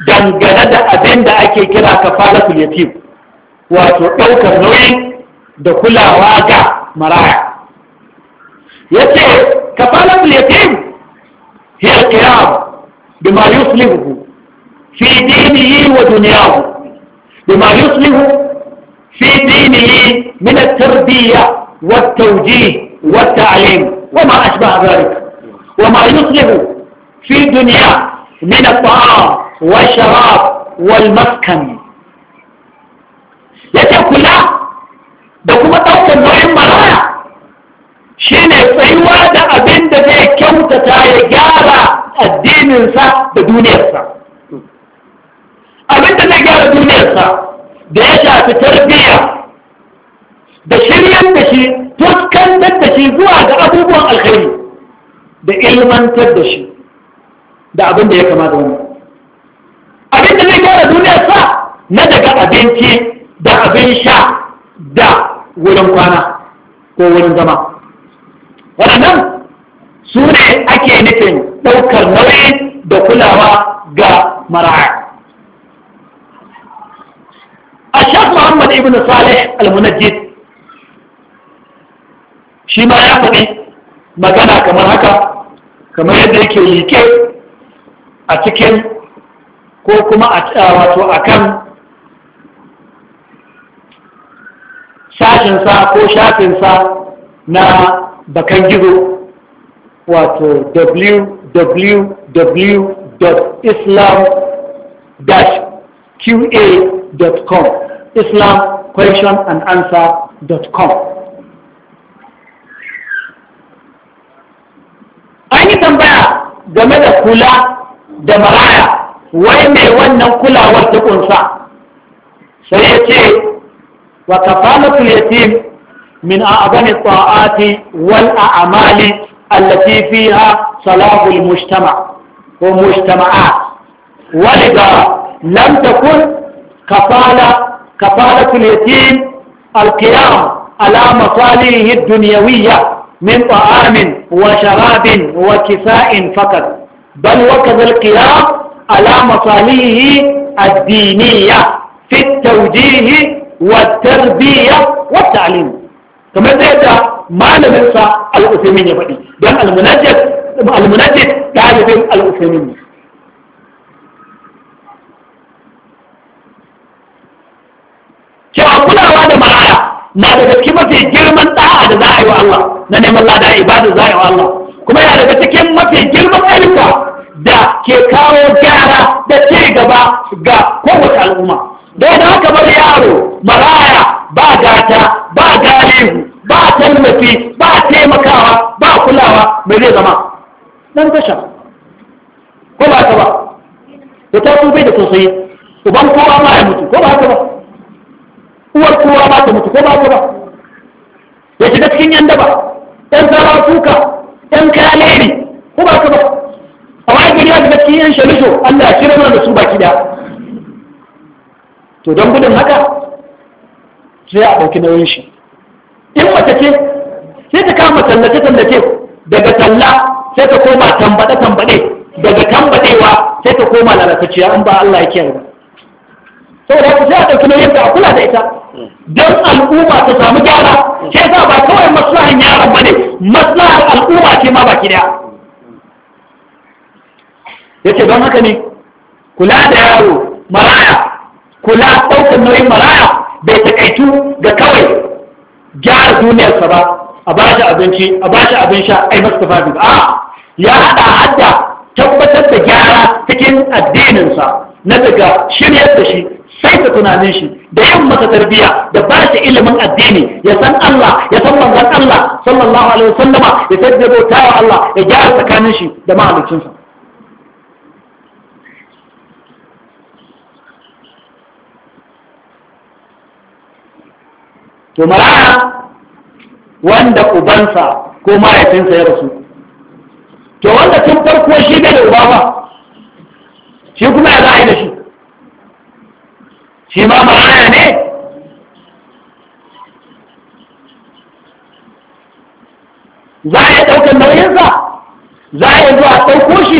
دان غدد أبين دا أكي كلا كفالة اليتيم وتوقع نوعي دا كلا واقع مرايا يتي كفالة اليتيم هي القيام بما يصلحه في دينه ودنياه بما يصلحه في دينه من التربية والتوجيه والتعليم وما أشبه ذلك وما يصلحه في دنيا من الطعام والشراب والمسكن yace kula da kuma ɗaukar nauyin maraya shi ne tsayuwa da abin da zai kyautata ya gyara addininsa da duniyarsa abin da zai gyara duniyarsa da ya shafi tarbiyya da shiryar da shi fuskantar da shi zuwa ga abubuwan alkhairi da ilmantar da shi da abin da ya kama da wani abin da zai gyara duniya sa na daga abinci da abin sha da wurin kwana ko wurin zama waɗannan su ne ake nufin ɗaukar nauyi da kulawa ga maraya muhammad ibn salih al-munajjid shi ma ya faɗi magana kamar haka kamar yadda yake like a cikin ko kuma a wato a kan sashinsa ko shafinsa na bakan gizo wato www.islam-qa.com islam question and answer.com an yi tambaya game da kula da maraya wai mai wannan kulawar ta kunsa sai ya ce wa kafalatul yatim min a'zami ta'ati wal a'mali allati fiha salahul mujtama ko mujtama'at wa idha lam takun kafala kafalatul yatim al qiyam ala masalihi ad-dunyawiyya min ta'amin wa sharabin wa kisa'in fakat بل وكذا القياس على مصالحه الدينية في التوجيه والتربية والتعليم كما يدى ما ننسى الأثمين يبقى دون المنجد المنجد تعرف الأثمين cewa kulawa da maraya na daga cikin mafi girman da'a da الله a yi wa Allah na neman kuma yana daga cikin mafi girman ayyuka da ke kawo gyara da ce gaba ga kowace al'umma don haka bar yaro maraya ba gata ba galihu ba tallafi ba taimakawa ba kulawa mai zai zama dan tasha ko ba ta ba da ta tsufe da sosai, uban kowa ma ya mutu ko ba ta ba uwar kowa ma ta mutu ko ba ta ba ya shiga cikin yan daba yan tsara suka ɗan kane ne ko ba ka ba a wajen ya shiga cikin yan shalisho Allah ya kira da su baki da to don gudun haka sai a ɗauki nauyin shi in mace ce sai ta kama tallace tallace daga talla sai ta koma tambade tambade daga tambaɗewa sai ta koma lalatacciya in ba Allah ya kiyar ba saboda haka sai a ɗauki nauyin ta a kula da ita don al'umma ta samu gyara sai sa ba kawai maslahan yaran ba ne maslahar al'umma ce ma baki daya yace don haka ne kula da yaro maraya kula ɗaukar nauyin maraya bai takaitu ga kawai gyara duniyarsa ba a ba shi abinci a ba shi abin sha ai masa tafafi ba ya haɗa hadda tabbatar da gyara cikin addininsa na daga shiryar da shi sai da tunanin shi da yin masa tarbiya da ba shi ilimin addini ya san Allah ya san manzon Allah sallallahu alaihi wasallama ya san ko bautawa Allah ya gyara tsakanin shi da mahaliccinsa to maraya wanda ubansa ko mahaifinsa ya rasu to wanda tun farko shi bai da uba ba shi kuma ya za a yi da shi shi ma ne za a iya ɗaukar nauyinsa za a yi zuwa ɗauko shi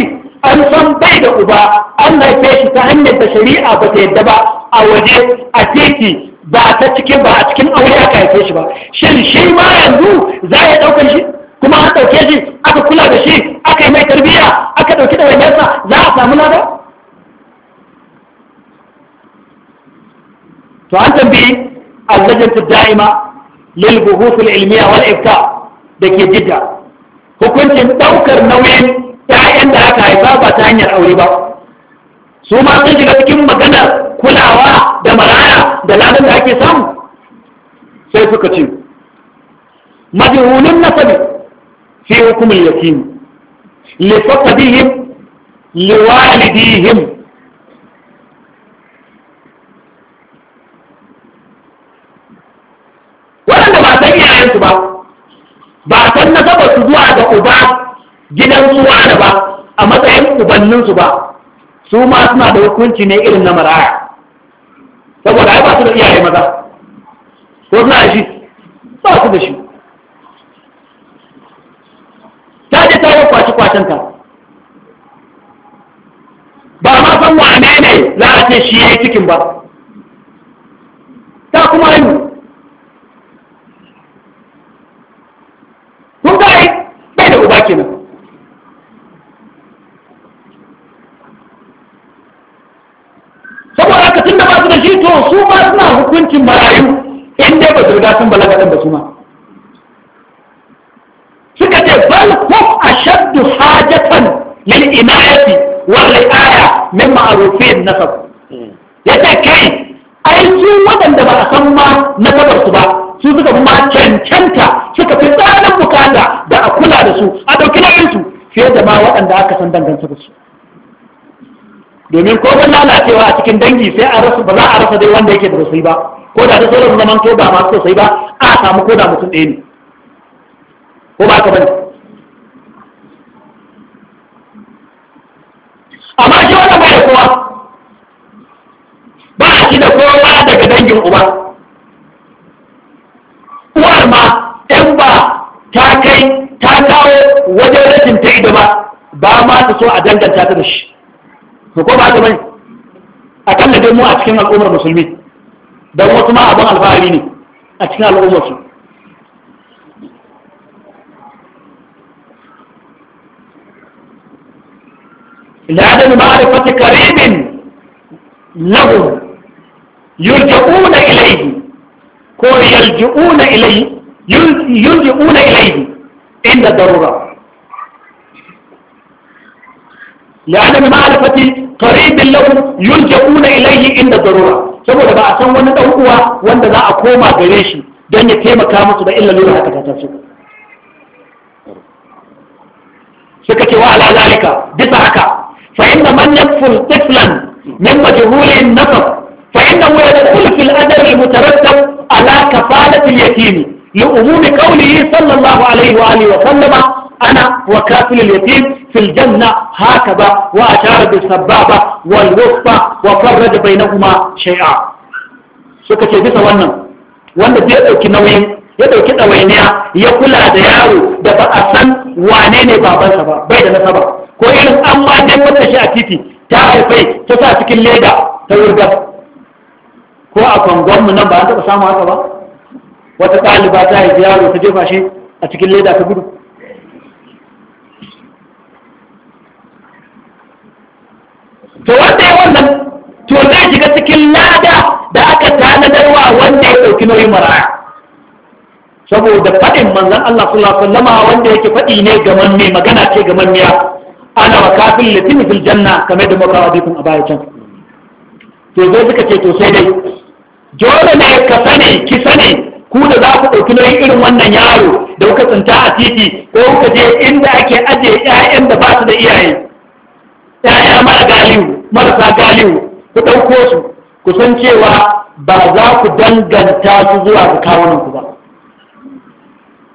an san bai da uba an haife shi ta hanyar da shari'a ba ta yadda ba a waje a titi ba ta cikin ba a cikin aure aka haife shi ba shin shi ma yanzu za a ɗaukar shi kuma an ɗauke shi aka kula da shi aka yi mai tarbiyya aka ɗauki ɗawainiyarsa za a samu lada to an tambayi allajnatu da'ima lil buhuth al ilmiya wal ifta da ke jidda hukuncin daukar nauyin ƴaƴan da aka haifa ba ta hanyar aure ba su ma sun shiga cikin maganar kulawa da maraya da ladan da ake samu sai suka ce majhulun nasabi fi hukumul yatim li faqadihim li walidihim su ba ba san nasabar su zuwa ga uba gidan zuwa da ba a matsayin su ba su ma suna da hukunci ne irin na maraya saboda ai ba su da iyaye maza ko suna shi ba su da shi ta je ta yi kwaci kwacin ta ba ma san wane ne za a ce shi ya yi cikin ba ta kuma yi hukuncin marayu in dai ba su riga sun balaga ɗan ba su ma suka ce bal hum ashaddu hajatan lil inayati wal ri'aya min ma'rufin nasab ce kai ai su waɗanda ba a san ma nasabar su ba su suka ma cancanta suka fi tsarin bukata da a kula da su a ɗauki nauyin su fiye da ma waɗanda aka san dangantakar su domin ko ban lalacewa a cikin dangi sai a rasa ba za a rasa dai wanda yake da sosai ba ko da da sauran zaman to ba masu sosai ba a samu ko da mutum ɗaya ne ko ba ka bane amma shi wannan ba ya kowa ba a shi da kowa daga dangin uba uwar ma ɗan ba ta kai ta kawo wajen rashin ta ba ba ma ta so a danganta ta da shi to ko ba ta bane akalla dai mu a cikin al'ummar musulmi dan wasu ma abin alfahari ne a cikin al'ummar su لعدم معرفة قريب لهم يلجؤون إليه ko yalji'una ilayhi yulji'una ilayhi inda darura لعدم معرفة qaribin lahu yulja'una ilayhi inda darura saboda ba a san wani dan uwa wanda za a koma gare shi don ya taimaka musu da illa lura haka ta su suka ce wa ala zalika bisa haka fa inna man yakful tiflan min majhuli nafaq fa inna huwa yadkhul fil adab al mutarattab ala kafalati al yatim li umumi qawlihi sallallahu alayhi wa alihi wa sallama أنا وكافل اليتيم في الجنة هكذا وأشار بالسبابة والوسطى وفرج بينهما شيئا سكتي بس وانا وانا دي أوكي نوين ya ɗauki ɗawainiya ya kula da yaro da ba a san wane ne babansa ba bai da nasaba ko irin an ma dai wata shi a titi ta haifai ta sa cikin leda ta wurgar ko a kwangonmu nan ba an taɓa samu haka ba wata ɗaliba ta haifi yaro ta jefa shi a cikin leda ta gudu to wanda ya wannan to zai shiga cikin lada da aka tanadarwa wanda ya ɗauki nauyin maraya saboda faɗin manzan Allah sallallahu alaihi wasallama wanda yake faɗi ne ga manne magana ce ga manniya ana wa kafin litin fil janna kamar da muka wadi kun a baya can to zai suka ce to sai dai dole ne ka sani ki sani ku da za ku ɗauki nauyin irin wannan yaro da kuka tsinta a titi ko kuka je inda ake ajiye 'ya'yan da ba su da iyaye 'ya'ya mara galihu marasa galihu ku ɗauko su ku san cewa ba za ku danganta su zuwa ga kawunan ku ba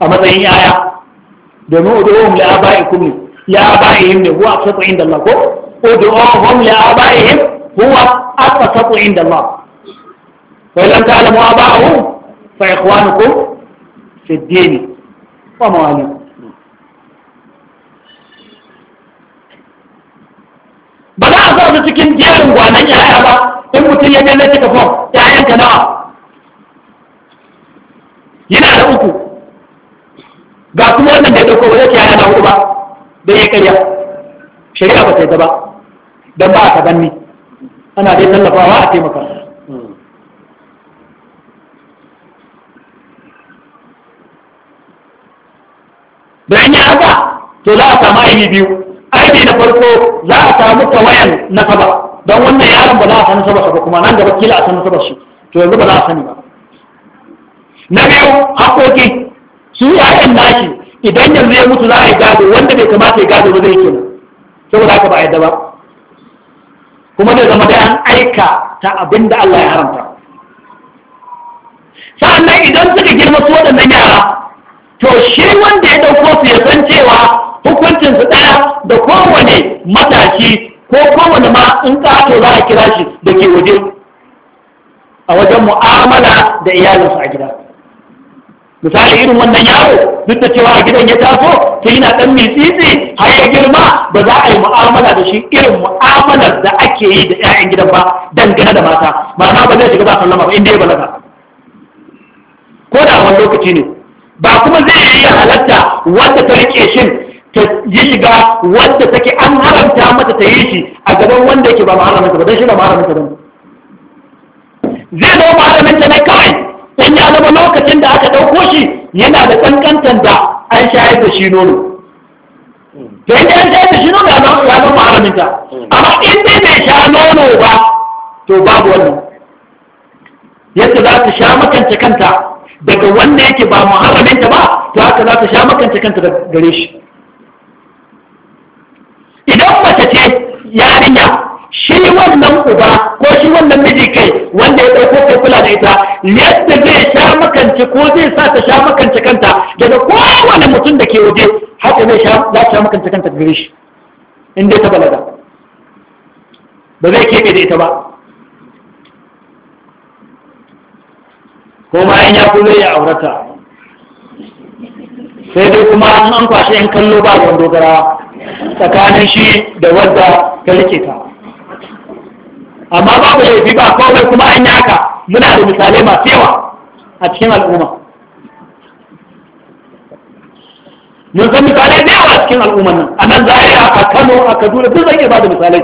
a matsayin yaya domin udu'uhum li ya li him ne huwa sako inda Allah ko ya li him huwa sako inda Allah fa lam ta'lamu aba'ahum fa ikhwanukum fi dini wa mawalikum sa cikin jerin gwanan yaya ba in mutum ya kalle cika fom ta yanka nawa yana da uku ga kuma wannan da ya dauko ba zai yaya na uku ba da ya karya shari'a ba ta ba don ba a ta banni ana dai tallafawa a taimaka bayan ya haka to za a samu aini biyu aiki na farko za a samu tawayan nasaba don wannan yaron ba za a san nasaba ba kuma nan gaba kila a san nasaba shi to yanzu ba za a sani ba na biyu haƙoƙi su yayan naki idan yanzu ya mutu za a yi gado wanda bai kamata ya gado ba zai kenan saboda haka ba a yadda ba kuma zai zama dai an aika ta abin da Allah ya haramta Sannan idan suka girma su waɗannan yara to shi wanda ya ɗauko su ya san cewa hukuncin su ɗaya da kowane matashi ko kowane ma in ƙato za a kira shi da ke waje a wajen mu'amala da iyalinsu a gida misali irin wannan yaro duk da cewa a gidan ya taso ta yana ɗan mitsitsi har ya girma ba za a yi mu'amala da shi irin mu'amalar da ake yi da 'ya'yan gidan ba dangane da mata ma'ana ba zai shiga ba sallama ba inda ya balaga ko da wani lokaci ne ba kuma zai iya halatta wanda ta rike shin ta yi shiga wanda take an haramta mata ta yi shi a gaban wanda yake ba maharaminta ba don shi ba maharaminta ba zai zama maharaminta na kawai in ya zama lokacin da aka ɗauko shi yana da ƙanƙantar da an shayar da shi nono to inda an shayar da shi nono ya zama maharaminta amma in dai bai sha nono ba to babu wannan yadda za ta sha makanta kanta daga wanda yake ba maharaminta ba to haka za ta sha makanta kanta da gare shi idan mace ce yarinya shi wannan uba ko shi wannan miji kai wanda ya ɗauko kai kula da ita yadda zai sha makance ko zai sa ta sha makance kanta daga kowane mutum da ke waje haka zai sha za ta sha makance kanta gare shi in dai ta balaga ba zai keɓe da ita ba ko bayan ya kuma ya aurata sai dai kuma an kwashe yan kallo ba ruwan dogara tsakanin shi da wadda ta rike ta amma babu laifi ba kawai kuma an yi haka muna da misalai masu yawa a cikin al'umma mun san misalai da yawa a cikin al'umman nan a nan zariya a kano a kaduna duk zan iya ba da misalai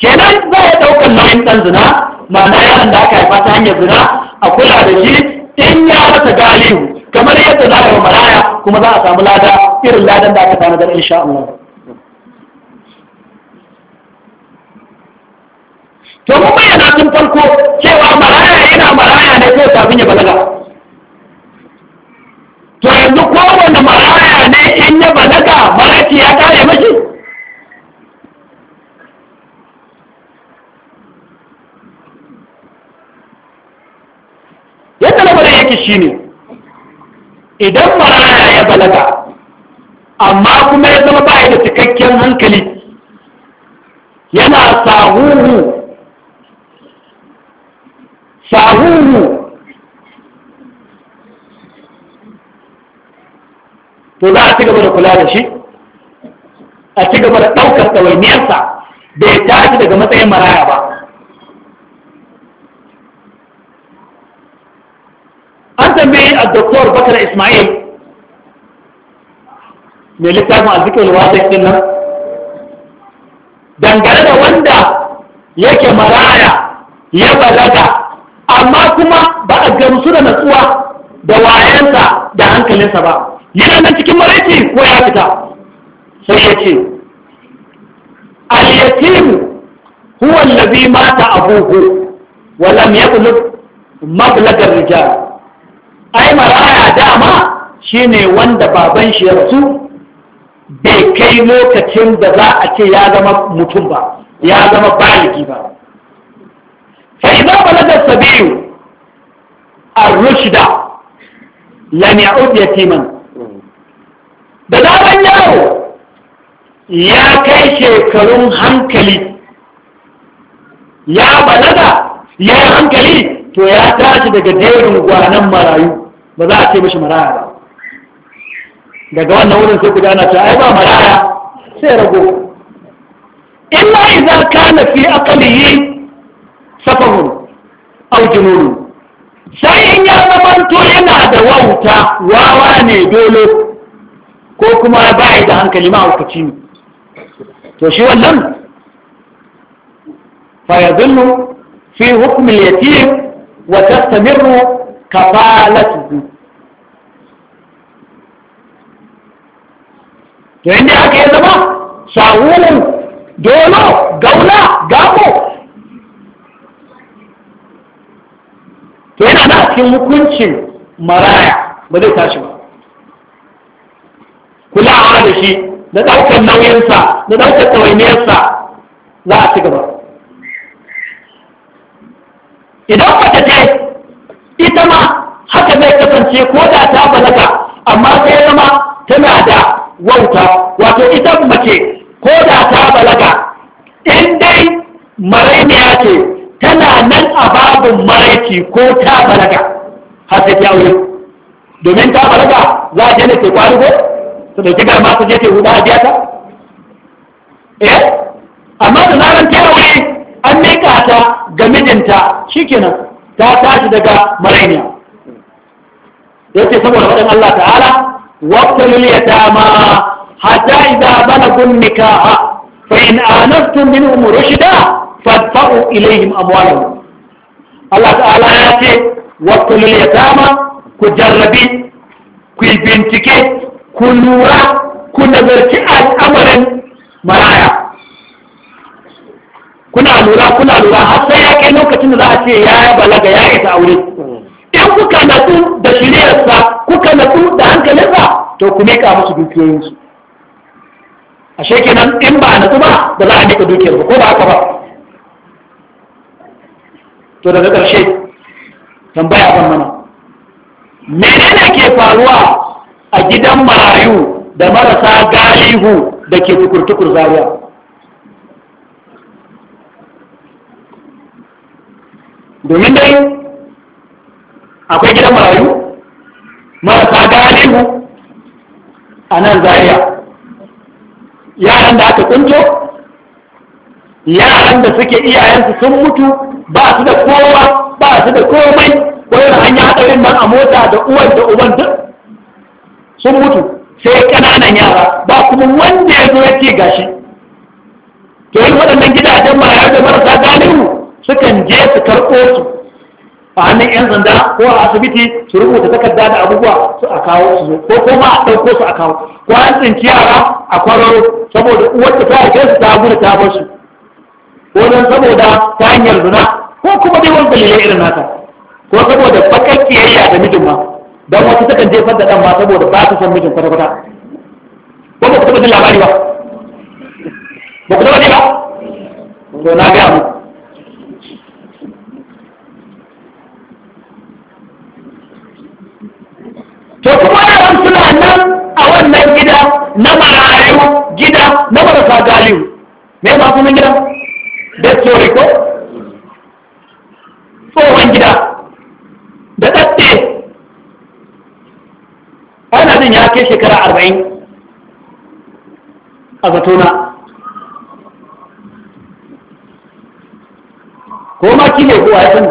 kenan zai ɗaukar nauyin ɗan zina ma'ana yaran da aka haifa ta hanyar zina a kula da shi in ya rasa galihu kamar yadda za ka maraya kuma za a samu lada irin ladan da aka tanadar insha Allah to mu bayyana tun farko cewa maraya yana maraya ne ko kafin ya balaga ne idan maraya ya balaga amma kuma ya zama ba da cikakken hankali yana sahuhu, sahuhu, to za a ci da kula da shi a ci da ɗaukar ɗawainiyarsa bai tashi daga matsayin maraya ba tambayi a doktor bakar ismail mai littafin azikul ta din nan dangane da wanda yake maraya ya balaga amma kuma ba a gamsu da natsuwa da wayansa da hankalinsa ba yana nan cikin maraici ko ya fita sai ya ce al-yatimu huwa allazi mata abuhu wa lam yablugh mablagar rijal ai maraya dama shine wanda baban shi ya rasu bai kai lokacin da za a ce ya zama mutum ba ya zama baligi ba fa idan balaga sabiyu ar-rushda lam ya'ud yatiman da zaman yaro ya kai shekarun hankali ya balaga ya hankali to ya tashi daga jerin gwanan marayu ba za a ce mishi maraya ba daga wannan wurin sai ku gana cewa ai ba maraya sai rago illa idza kana fi aqlihi safahun aw junun sai in ya zamanto yana da wauta wawa ne dole ko kuma ba da hankali ma hukaci ne to shi wannan فيظل في حكم اليتيم وتستمر كفالته to inda aka yi zama sawun dolo gauna gabo to yana na cikin hukuncin maraya ba zai tashi ba kulawa da shi na ɗaukar nauyinsa na ɗaukar tsawainiyarsa za a ci gaba idan mace ce ita ma haka zai kasance ko da ta balaga amma sai zama tana da wauta wato ita mace ko da ta balaga in dai maraimiya ce tana nan a babin maraici ko ta balaga har sai ta aure domin ta balaga za a je ne ke su dauki garma su je ke da a ta eh amma da zaran ta an mika ta ga mijinta shikenan ta tashi daga maraimiya yake saboda faɗin Allah ta'ala وابتلوا اليتامى حتى إذا بلغوا النكاح فإن آنستم منهم رشدا فادفعوا إليهم أموالهم Allah ta'ala ya ce wakulul yatama ku jarrabi ku bincike ku lura ku nazarci al'amarin maraya kuna lura kuna lura har sai ya kai lokacin da za a ce ya balaga ya isa aure in kuka natsu da shiriyarsa kuka natsu da hankalinsa to ku mika musu dukiyoyinsu ashe kenan in ba natsu ba da za a mika dukiyar ba ko ba haka ba to daga ƙarshe tambaya ban mana menene ke faruwa a gidan marayu da marasa galihu da ke tukur-tukur zariya domin dai akwai gidan marayu marasa galihu a nan zariya yaran da aka kunto yaran da suke iyayensu sun mutu ba su da kowa ba su da komai wani hanya hatsarin nan a mota da uwan da uban duk sun mutu sai kananan yara ba kuma wanda ya zo ya ce gashi to yi waɗannan gidajen marayu da marasa galihu sukan je su karɓo su a hannun yan sanda ko a asibiti su rubuta takarda da abubuwa su a kawo su ko kuma a ɗauko su a kawo ko an tsinci yara a kwararo saboda uwarta ta haife su ta gudu ta bar su ko don saboda ta hanyar zina ko kuma dai wani dalilai irin nata, ko saboda bakar kiyayya da mijin ma don wasu takan jefar da ɗan ma saboda ba ta son mijin kwata-kwata ko ba ku taɓa jin labari ba ba ku taɓa jin ba to na gaya muku na marayu gida na marasa galihu me ba kuma gida da tsori ko tsohon gida da tsatte ana jin ya ke shekara arba'in a zatona ko ma kile ko ya sani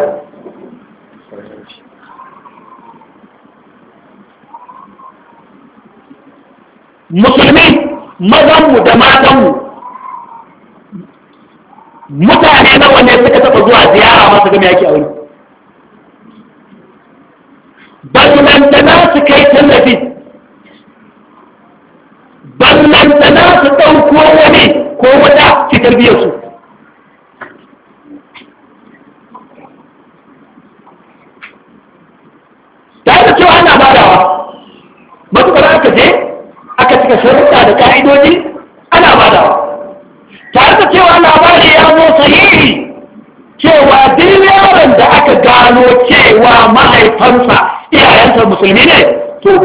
musulmi mazanmu da matanmu mutane na ne suka taba zuwa ziyara masu gami yake a wuri ballantana su kai tallafi ballantana su ɗauko wani ko wata biyar su.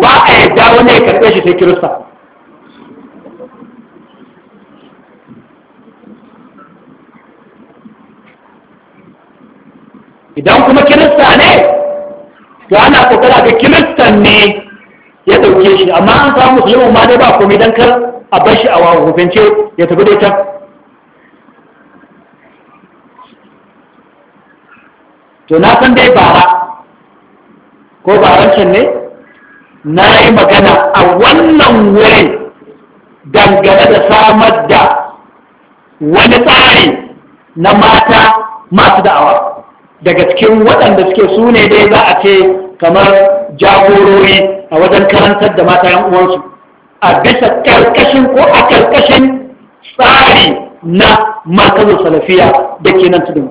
ba a yadda wani ya karɓe shi sai kirista idan kuma kirista ne to ana kokara ga kirista ne ya ɗauke shi amma an samu musulman ma dai ba komai dan kar a bar shi a hukunce ya tafi dai to na san dai bara ko barancan ne na yi magana a wannan wurin dangane da samar da wani tsari na mata masu da'awa daga cikin waɗanda suke su ne dai za a ce kamar jagorori a wajen karantar da mata yan uwansu a bisa karkashin ko a karkashin tsari na markazin salafiya da ke nan tudun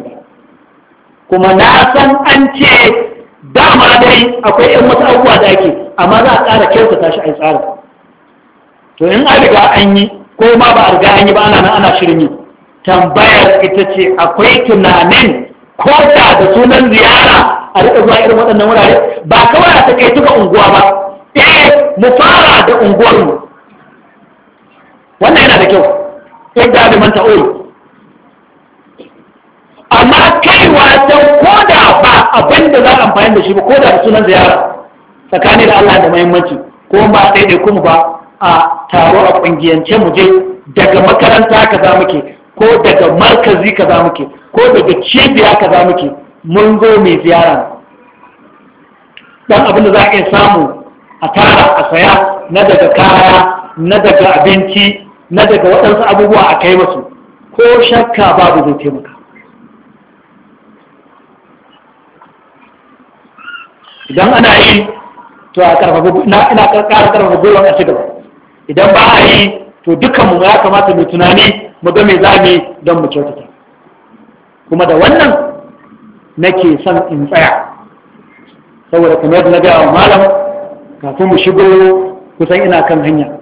kuma na san an ce dama dai akwai yan wasu abubuwa da ake amma za a tsara kyautata shi a yi tsara to in an riga an yi ko ma ba a riga an yi ba ana nan ana shirin yi tambayar ita ce akwai tunanin ko da da sunan ziyara a riƙa zuwa irin waɗannan wurare ba kawai a take tuka unguwa ba eh mu fara da unguwar mu wannan yana da kyau da da manta oyi amma kaiwa abin da za a amfani da shi ba ko da sunan ziyara tsakanin da Allah da muhimmanci ko ba sai dai kuma ba a taro a kungiyance mu je daga makaranta ka za muke ko daga markazi ka za muke ko daga cibiya ka za muke mun zo mai ziyara dan abin da za ka samu a tara a saya na daga kaya na daga abinci na daga waɗansu abubuwa a kai masu ko shakka babu zai taimaka idan ana yi to a karfafa ina ƙara karfafa gwiwa a ci gaba idan ba a yi to dukkanmu mu ya kamata mu tunani mu ga me zane don mu kyautata kuma da wannan nake son in tsaya saboda kamar yadda na gaya wa malam kafin mu shigo kusan ina kan hanya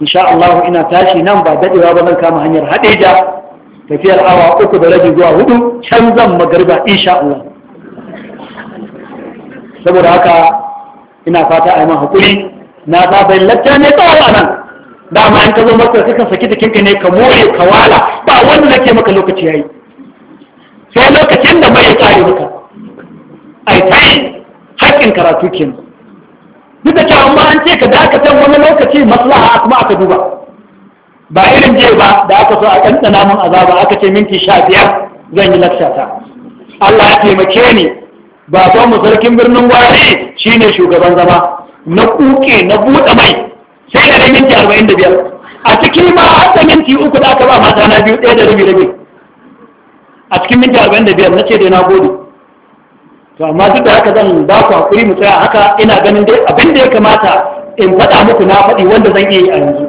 insha Allah ina tashi nan ba dadewa ba zan kama hanyar Hadeja tafiyar awa uku da rabi zuwa hudu can zan magariba insha Allah saboda haka ina fata a yi man hakuri na saba yin lacca ne tsawo a nan dama in ka zo masa suka saki jikinka ne ka more ka wala ba wanda nake maka lokaci yayi sai lokacin da mai tsari maka ai tai hakkin karatu kenan duk da cewa amma an ce ka dakatar wani lokaci maslaha kuma aka duba ba irin je ba da aka so a ɗanɗana min azaba aka ce minti sha biyar zan yi lakshata Allah ya taimake ni a mu sarkin birnin gwari ne shugaban zama na kuke na buɗe mai sai da minti arba'in da biyar a cikin ma har minti uku da aka ba mata na biyu ɗaya da rabi rabi a cikin minti arba'in da biyar na ce dai na gode to amma duk da haka zan ba ku hakuri mu tsaya haka ina ganin dai abin da ya kamata in faɗa muku na faɗi wanda zan iya yi a yanzu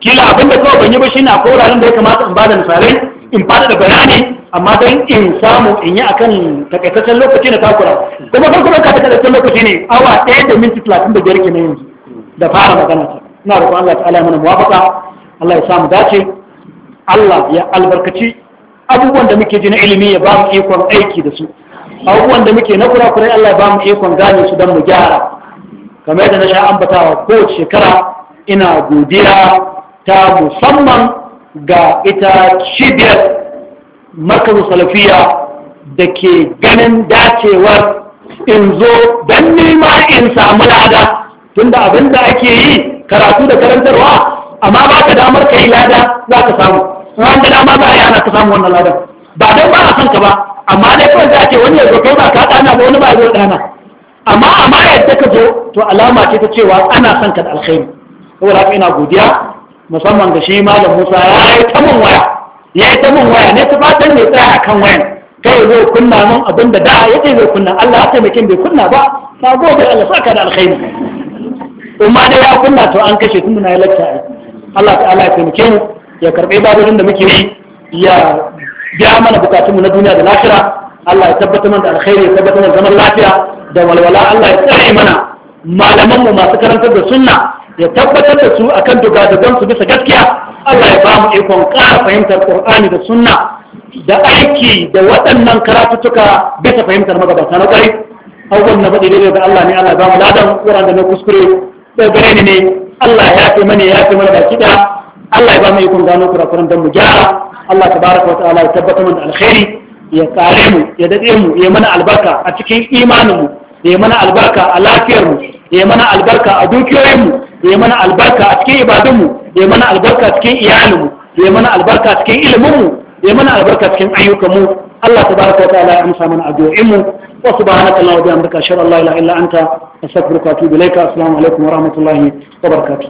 kila abin da kawai ban yi ba shi na ko da ya kamata in ba da misalai in faɗa da bayani amma don in samu in yi a kan takaitaccen lokaci na takura kuma kan kuma ka takaitaccen lokaci ne awa ɗaya da minti talatin da biyar ke na yanzu da fara magana ta ina roƙon Allah ta'ala ya mana muwafaka Allah ya samu dace Allah ya albarkaci abubuwan da muke ji na ilimi ya ba mu ikon aiki da su abubuwan da muke na kurakurai Allah ya ba mu ikon gane su don mu gyara kamar yadda na sha ambatawa kowace shekara ina godiya ta musamman ga ita cibiyar makaru salafiya da ke ganin dacewar in zo don nema in samu lada tunda abin da ake yi karatu da karantarwa amma ba ka damar ka yi lada za ka samu ran da dama za a yi ka samu wannan ladan ba don ba a son ka ba amma dai kawai za ke wani ya zo kai ba ka dana ba wani ba zai dana amma amma yadda ka zo to alama ce ta cewa ana son ka da alkhairi saboda haka ina godiya musamman ga shi malam Musa ya yi ta mun waya ya yi ta mun waya ne tufatar mai tsaya akan wayan kai zai kunna mun abin da da ya ce zai kunna Allah ya taimakin bai kunna ba na gobe Allah saka da alkhairi umma da ya kunna to an kashe tun ya lakta Allah ta'ala ya taimake mu ya karbe babulin da muke yi ya biya mana bukatun mu na duniya da lafiya Allah ya tabbatar mana da alkhairi ya tabbatar mana zaman lafiya da walwala Allah ya tsare mana malaman mu masu karantar da sunna ya tabbatar da su akan dugadugan su bisa gaskiya Allah ya ba mu ikon ƙara fahimtar Al-ƙur'ani da Sunna da aiki da waɗannan karatuttuka bisa fahimtar magabata na ƙwarai abubuwan na faɗi daidai da Allah ne Allah ba mu ladan wuran da na kuskure ɗaukare ne ne Allah ya fi mani ya fi mana baki ɗaya Allah ya ba mu ikon gano kurakuran don mu gyara Allah tabaraka wa ta'ala ya tabbatar mana alkhairi ya kare mu ya dade mu ya mana albarka a cikin imanin mu ya mana albarka a lafiyar mu ya mana albarka a dukiyoyin mu ya mana albarka a cikin ibadunmu ya mana albarka a cikin iyalinmu ya mana albarka a cikin iliminmu ya mana albarka a cikin ayyukanmu Allah tabaraka wa ta'ala ya amsa mana addu'o'inmu wa subhanaka allahumma wa bihamdika ashhadu an la ilaha illa anta astaghfiruka wa atubu ilaika assalamu alaikum wa rahmatullahi wa barakatuh